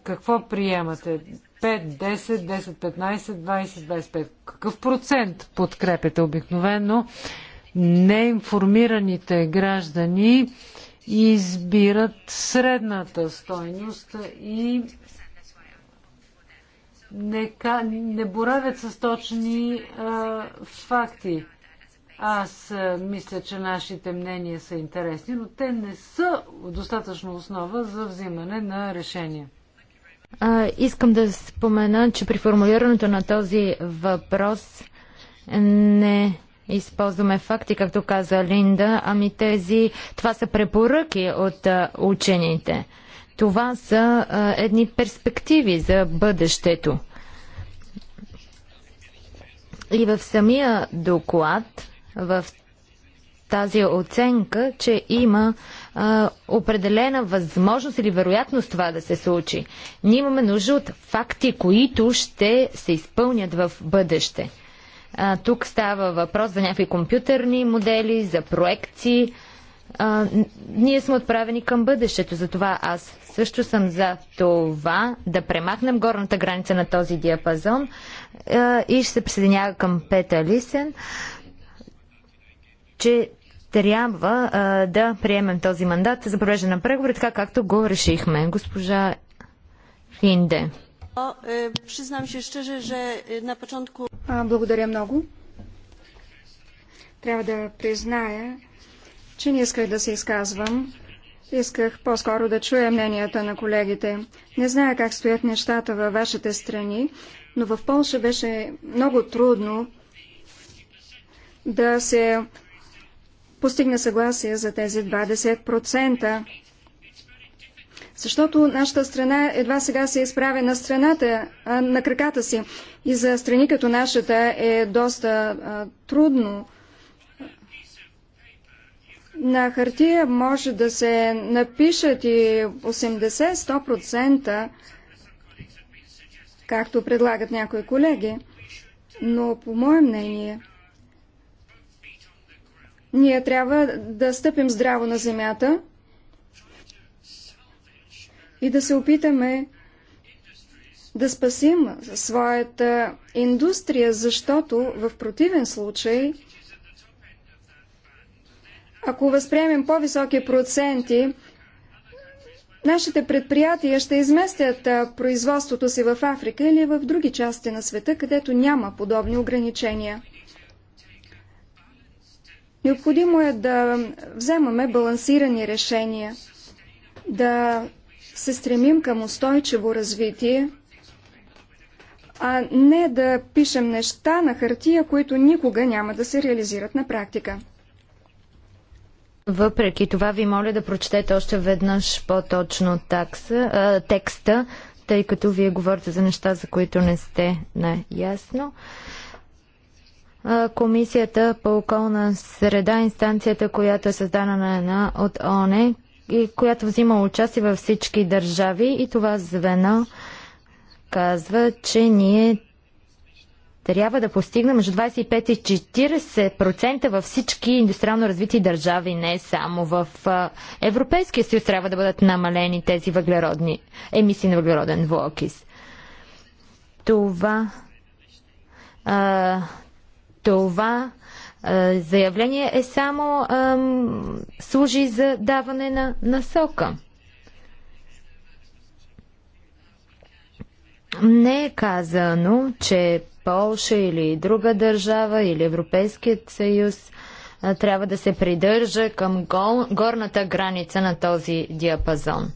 какво приемате? 5, 10, 10, 15, 20, 25. Какъв процент подкрепяте обикновено? Неинформираните граждани избират средната стойност и не, не боравят с точни а, факти. Аз а, мисля, че нашите мнения са интересни, но те не са достатъчно основа за взимане на решения. А, искам да спомена, че при формулирането на този въпрос не използваме факти, както каза Линда, ами тези, това са препоръки от а, учените. Това са а, едни перспективи за бъдещето. И в самия доклад, в тази оценка, че има а, определена възможност или вероятност това да се случи. Ние имаме нужда от факти, които ще се изпълнят в бъдеще. А, тук става въпрос за някакви компютърни модели, за проекции а, ние сме отправени към бъдещето. Затова аз също съм за това да премахнем горната граница на този диапазон а, и ще се присъединява към Пета Лисен, че трябва а, да приемем този мандат за провеждане на преговори, така както го решихме. Госпожа Хинде. Признам се щеже, че е, на початку... Благодаря много. Трябва да призная, че не исках да се изказвам. Исках по-скоро да чуя мненията на колегите. Не зная как стоят нещата във вашите страни, но в Польша беше много трудно да се постигне съгласие за тези 20%. Защото нашата страна едва сега се изправя на страната, а, на краката си. И за страни като нашата е доста а, трудно на хартия може да се напишат и 80-100%, както предлагат някои колеги, но по мое мнение ние трябва да стъпим здраво на земята и да се опитаме да спасим своята индустрия, защото в противен случай – ако възприемем по-високи проценти, нашите предприятия ще изместят производството си в Африка или в други части на света, където няма подобни ограничения. Необходимо е да вземаме балансирани решения, да се стремим към устойчиво развитие, а не да пишем неща на хартия, които никога няма да се реализират на практика. Въпреки това ви моля да прочетете още веднъж по-точно текста, тъй като вие говорите за неща, за които не сте наясно. Комисията по околна среда, инстанцията, която е създадена от ОНЕ и която взима участие във всички държави и това звено казва, че ние трябва да постигне между 25 и 40% във всички индустриално развити държави, не само в Европейския съюз трябва да бъдат намалени тези въглеродни емисии на въглероден двуокис. Това а, това а, заявление е само а, служи за даване на насока. Не е казано, че Полша или друга държава или Европейският съюз трябва да се придържа към горната граница на този диапазон.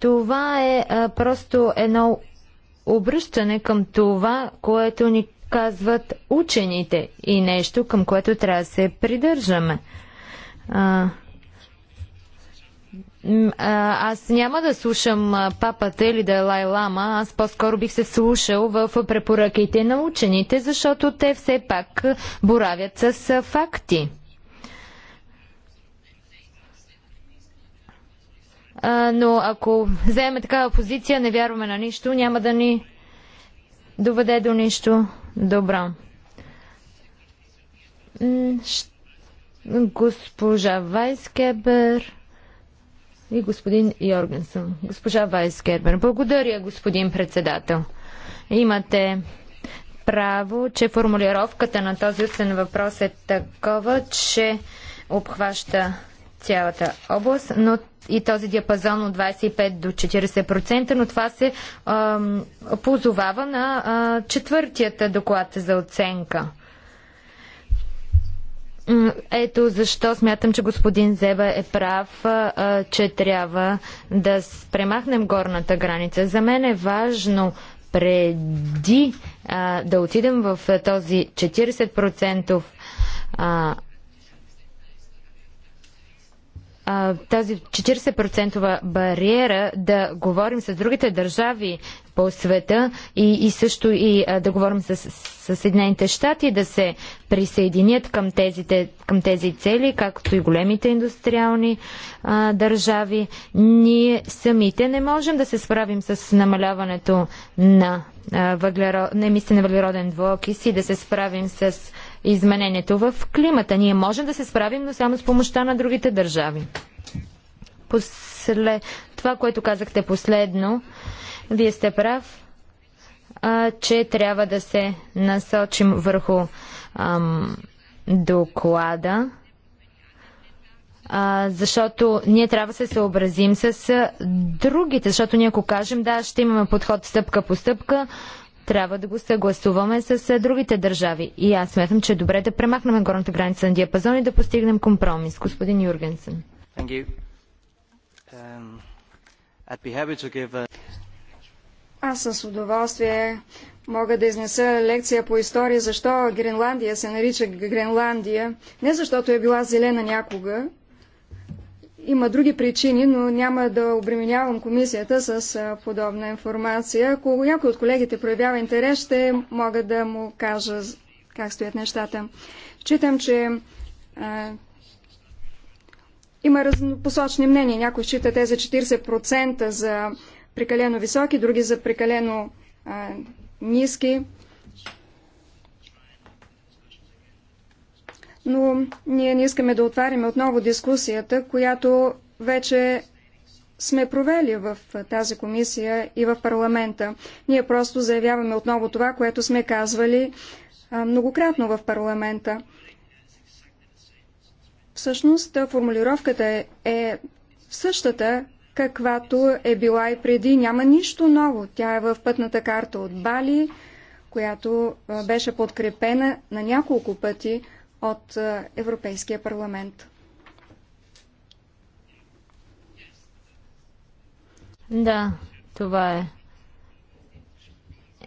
Това е а, просто едно обръщане към това, което ни казват учените и нещо, към което трябва да се придържаме. А, аз няма да слушам папата или Далай Лама, аз по-скоро бих се слушал в препоръките на учените, защото те все пак боравят с факти. Но ако вземе такава позиция, не вярваме на нищо, няма да ни доведе до нищо добро. Госпожа Вайскебер и господин Йоргенсън. Госпожа Вайс Гербер. Благодаря, господин председател. Имате право, че формулировката на този устен въпрос е такова, че обхваща цялата област, но и този диапазон от 25 до 40%, но това се а, позовава на а, четвъртията доклад за оценка. Ето защо смятам, че господин Зева е прав, че трябва да премахнем горната граница. За мен е важно преди да отидем в този 40% тази 40% бариера да говорим с другите държави по света и, и също и а, да говорим с, с Съединените щати да се присъединят към тези, към тези цели, както и големите индустриални а, държави. Ние самите не можем да се справим с намаляването на, а, въглеро... на емисия на въглероден двуокис и да се справим с изменението в климата. Ние можем да се справим, но само с помощта на другите държави. После... Това, което казахте последно, вие сте прав, а, че трябва да се насочим върху ам, доклада, а, защото ние трябва да се съобразим с а, другите, защото ние ако кажем, да, ще имаме подход стъпка по стъпка, трябва да го съгласуваме с а, другите държави. И аз смятам, че е добре да премахнем горната граница на диапазон и да постигнем компромис. Господин Юргенсен. Аз с удоволствие мога да изнеса лекция по история, защо Гренландия се нарича Гренландия. Не защото е била зелена някога. Има други причини, но няма да обременявам комисията с подобна информация. Ако някой от колегите проявява интерес, ще мога да му кажа как стоят нещата. Читам, че а, има разнопосочни мнения. Някой счита тези 40% за прекалено високи, други за прекалено а, ниски. Но ние не искаме да отваряме отново дискусията, която вече сме провели в тази комисия и в парламента. Ние просто заявяваме отново това, което сме казвали а, многократно в парламента. Всъщност формулировката е, е същата, каквато е била и преди. Няма нищо ново. Тя е в пътната карта от Бали, която беше подкрепена на няколко пъти от Европейския парламент. Да, това е,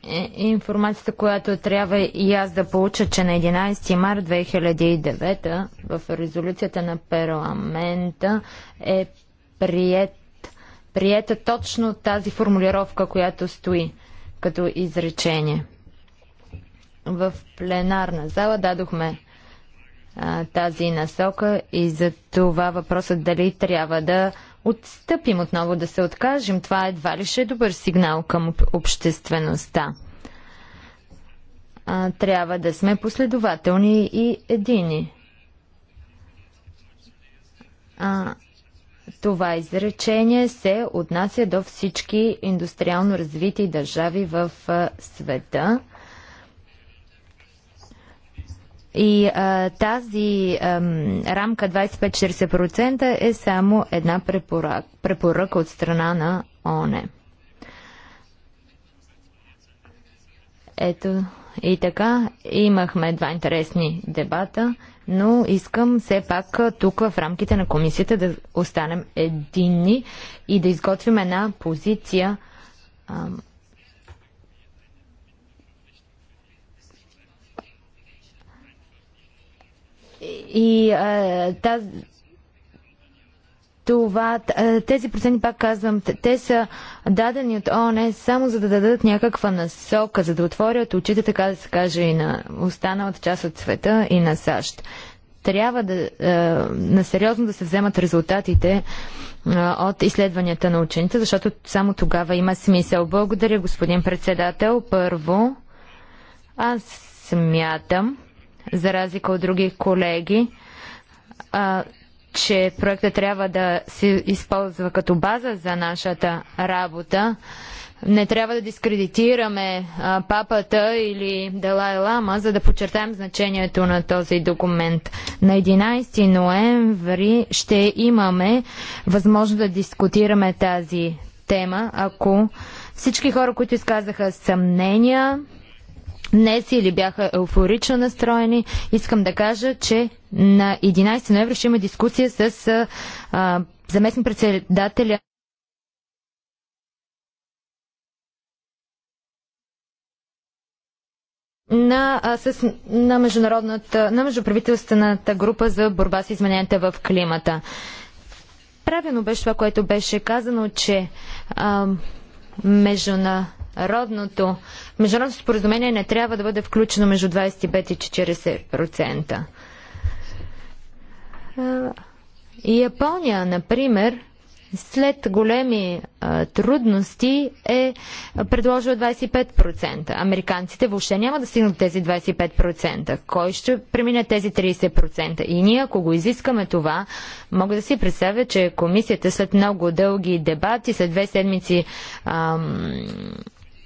е информацията, която трябва и аз да получа, че на 11 март 2009 в резолюцията на парламента е прият приета точно тази формулировка, която стои като изречение. В пленарна зала дадохме а, тази насока и за това въпросът дали трябва да отстъпим отново, да се откажем, това едва ли ще е добър сигнал към обществеността. А, трябва да сме последователни и едини. А, това изречение се отнася до всички индустриално развити държави в света. И а, тази а, рамка 25-40% е само една препорък, препоръка от страна на ОНЕ. Ето и така, имахме два интересни дебата, но искам все пак тук в рамките на комисията да останем единни и да изготвим една позиция, ам, и а, таз, това, тези проценти, пак казвам, те са дадени от ООН само за да дадат някаква насока, за да отворят очите, така да се каже, и на останалата част от света и на САЩ. Трябва да, е, на сериозно да се вземат резултатите е, от изследванията на учените, защото само тогава има смисъл. Благодаря, господин председател. Първо, аз смятам, за разлика от други колеги, е, че проекта трябва да се използва като база за нашата работа. Не трябва да дискредитираме а, папата или Далай Лама, за да подчертаем значението на този документ. На 11 ноември ще имаме възможност да дискутираме тази тема, ако всички хора, които изказаха съмнения, днес или бяха еуфорично настроени. Искам да кажа, че на 11 ноември ще има дискусия с а, заместни председателя на, а, с, на, международната, на междуправителствената група за борба с измененията в климата. Правилно беше това, което беше казано, че а, междуна, родното международно споразумение не трябва да бъде включено между 25 и 40%. Япония, например, след големи а, трудности е предложила 25%. Американците въобще няма да стигнат тези 25%. Кой ще премине тези 30%? И ние, ако го изискаме това, мога да си представя, че комисията след много дълги дебати, след две седмици ам,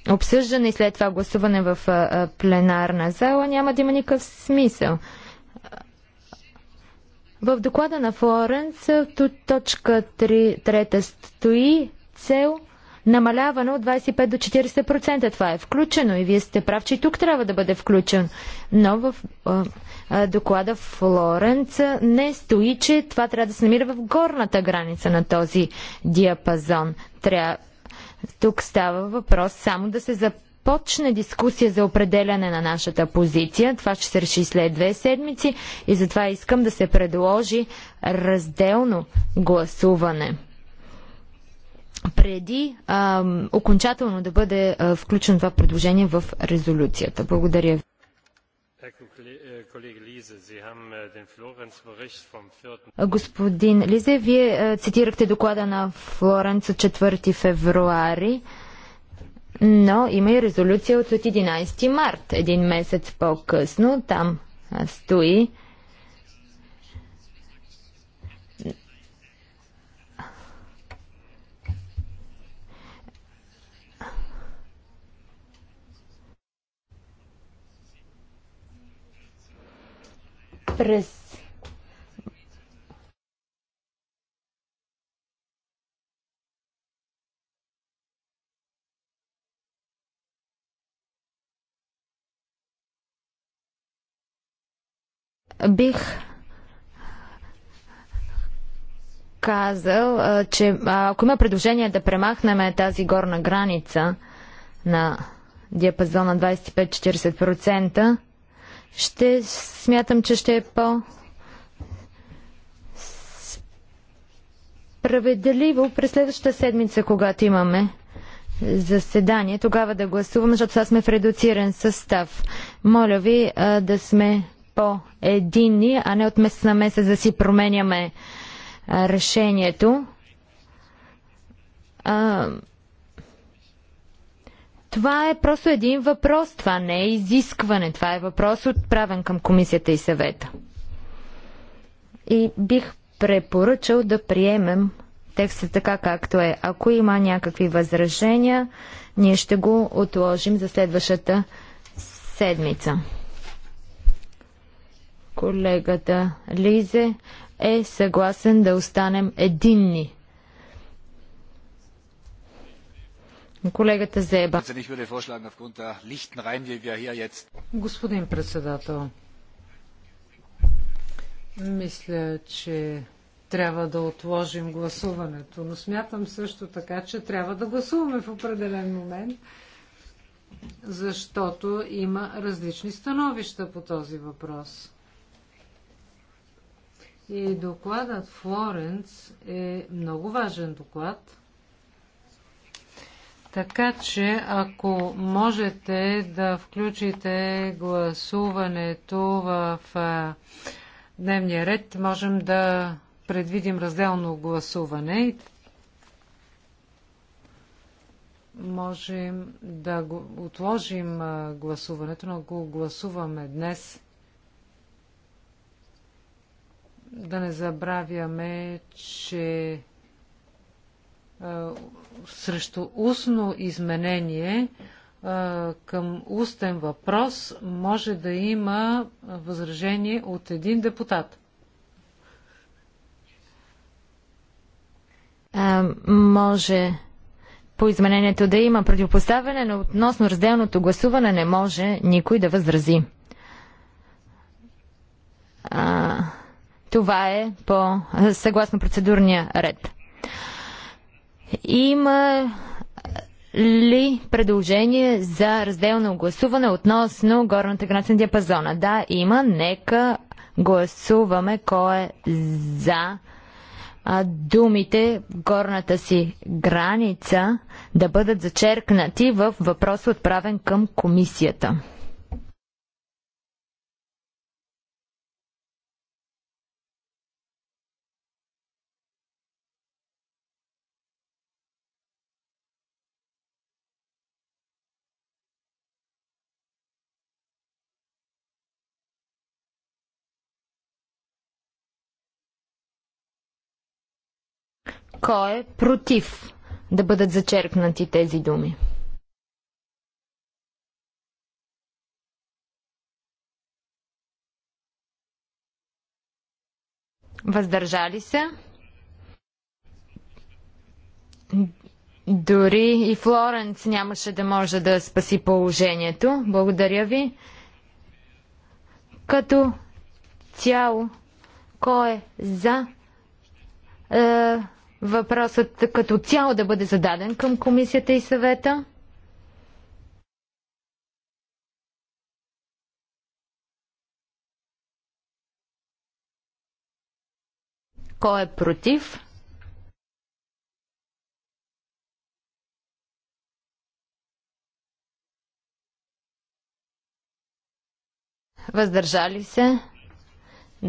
обсъждане и след това гласуване в пленарна зала, няма да има никакъв смисъл. В доклада на Флоренц, точка 3, трета стои цел намаляване от 25 до 40%. Това е включено и вие сте прав, че и тук трябва да бъде включен. Но в а, а, доклада Флоренц не стои, че това трябва да се намира в горната граница на този диапазон. Трябва тук става въпрос само да се започне дискусия за определяне на нашата позиция. Това ще се реши след две седмици и затова искам да се предложи разделно гласуване преди а, окончателно да бъде а, включено това предложение в резолюцията. Благодаря ви. Äh, Господин Лизе, вие е, цитирахте доклада на Флоренц от 4 февруари, но има и резолюция от 11 март, един месец по-късно. Там стои През бих казал, че ако има предложение да премахнем тази горна граница на диапазона на 25-40%, ще смятам, че ще е по справедливо през следващата седмица, когато имаме заседание, тогава да гласуваме, защото сега сме в редуциран състав. Моля ви а, да сме по-единни, а не от месец на месец да си променяме а, решението. А, това е просто един въпрос, това не е изискване, това е въпрос отправен към комисията и съвета. И бих препоръчал да приемем текста така както е. Ако има някакви възражения, ние ще го отложим за следващата седмица. Колегата Лизе е съгласен да останем единни Колегата Зеба. Господин председател, мисля, че трябва да отложим гласуването, но смятам също така, че трябва да гласуваме в определен момент, защото има различни становища по този въпрос. И докладът Флоренц е много важен доклад. Така че, ако можете да включите гласуването в дневния ред, можем да предвидим разделно гласуване. Можем да го отложим гласуването, но го гласуваме днес. Да не забравяме, че срещу устно изменение към устен въпрос може да има възражение от един депутат. А, може по изменението да има противопоставяне, но относно разделното гласуване не може никой да възрази. А, това е по съгласно процедурния ред. Има ли предложение за разделно гласуване относно горната граница на диапазона? Да, има. Нека гласуваме кой е за а, думите горната си граница да бъдат зачеркнати в въпрос отправен към комисията. Кой е против да бъдат зачеркнати тези думи? Въздържали се? Дори и Флоренц нямаше да може да спаси положението. Благодаря ви. Като цяло, кой е за е, въпросът като цяло да бъде зададен към комисията и съвета? Кой е против? Въздържали се?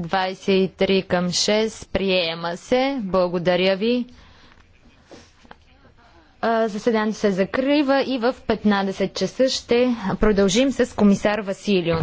23 към 6. Приема се. Благодаря ви. Заседанието се закрива и в 15 часа ще продължим с комисар Василио.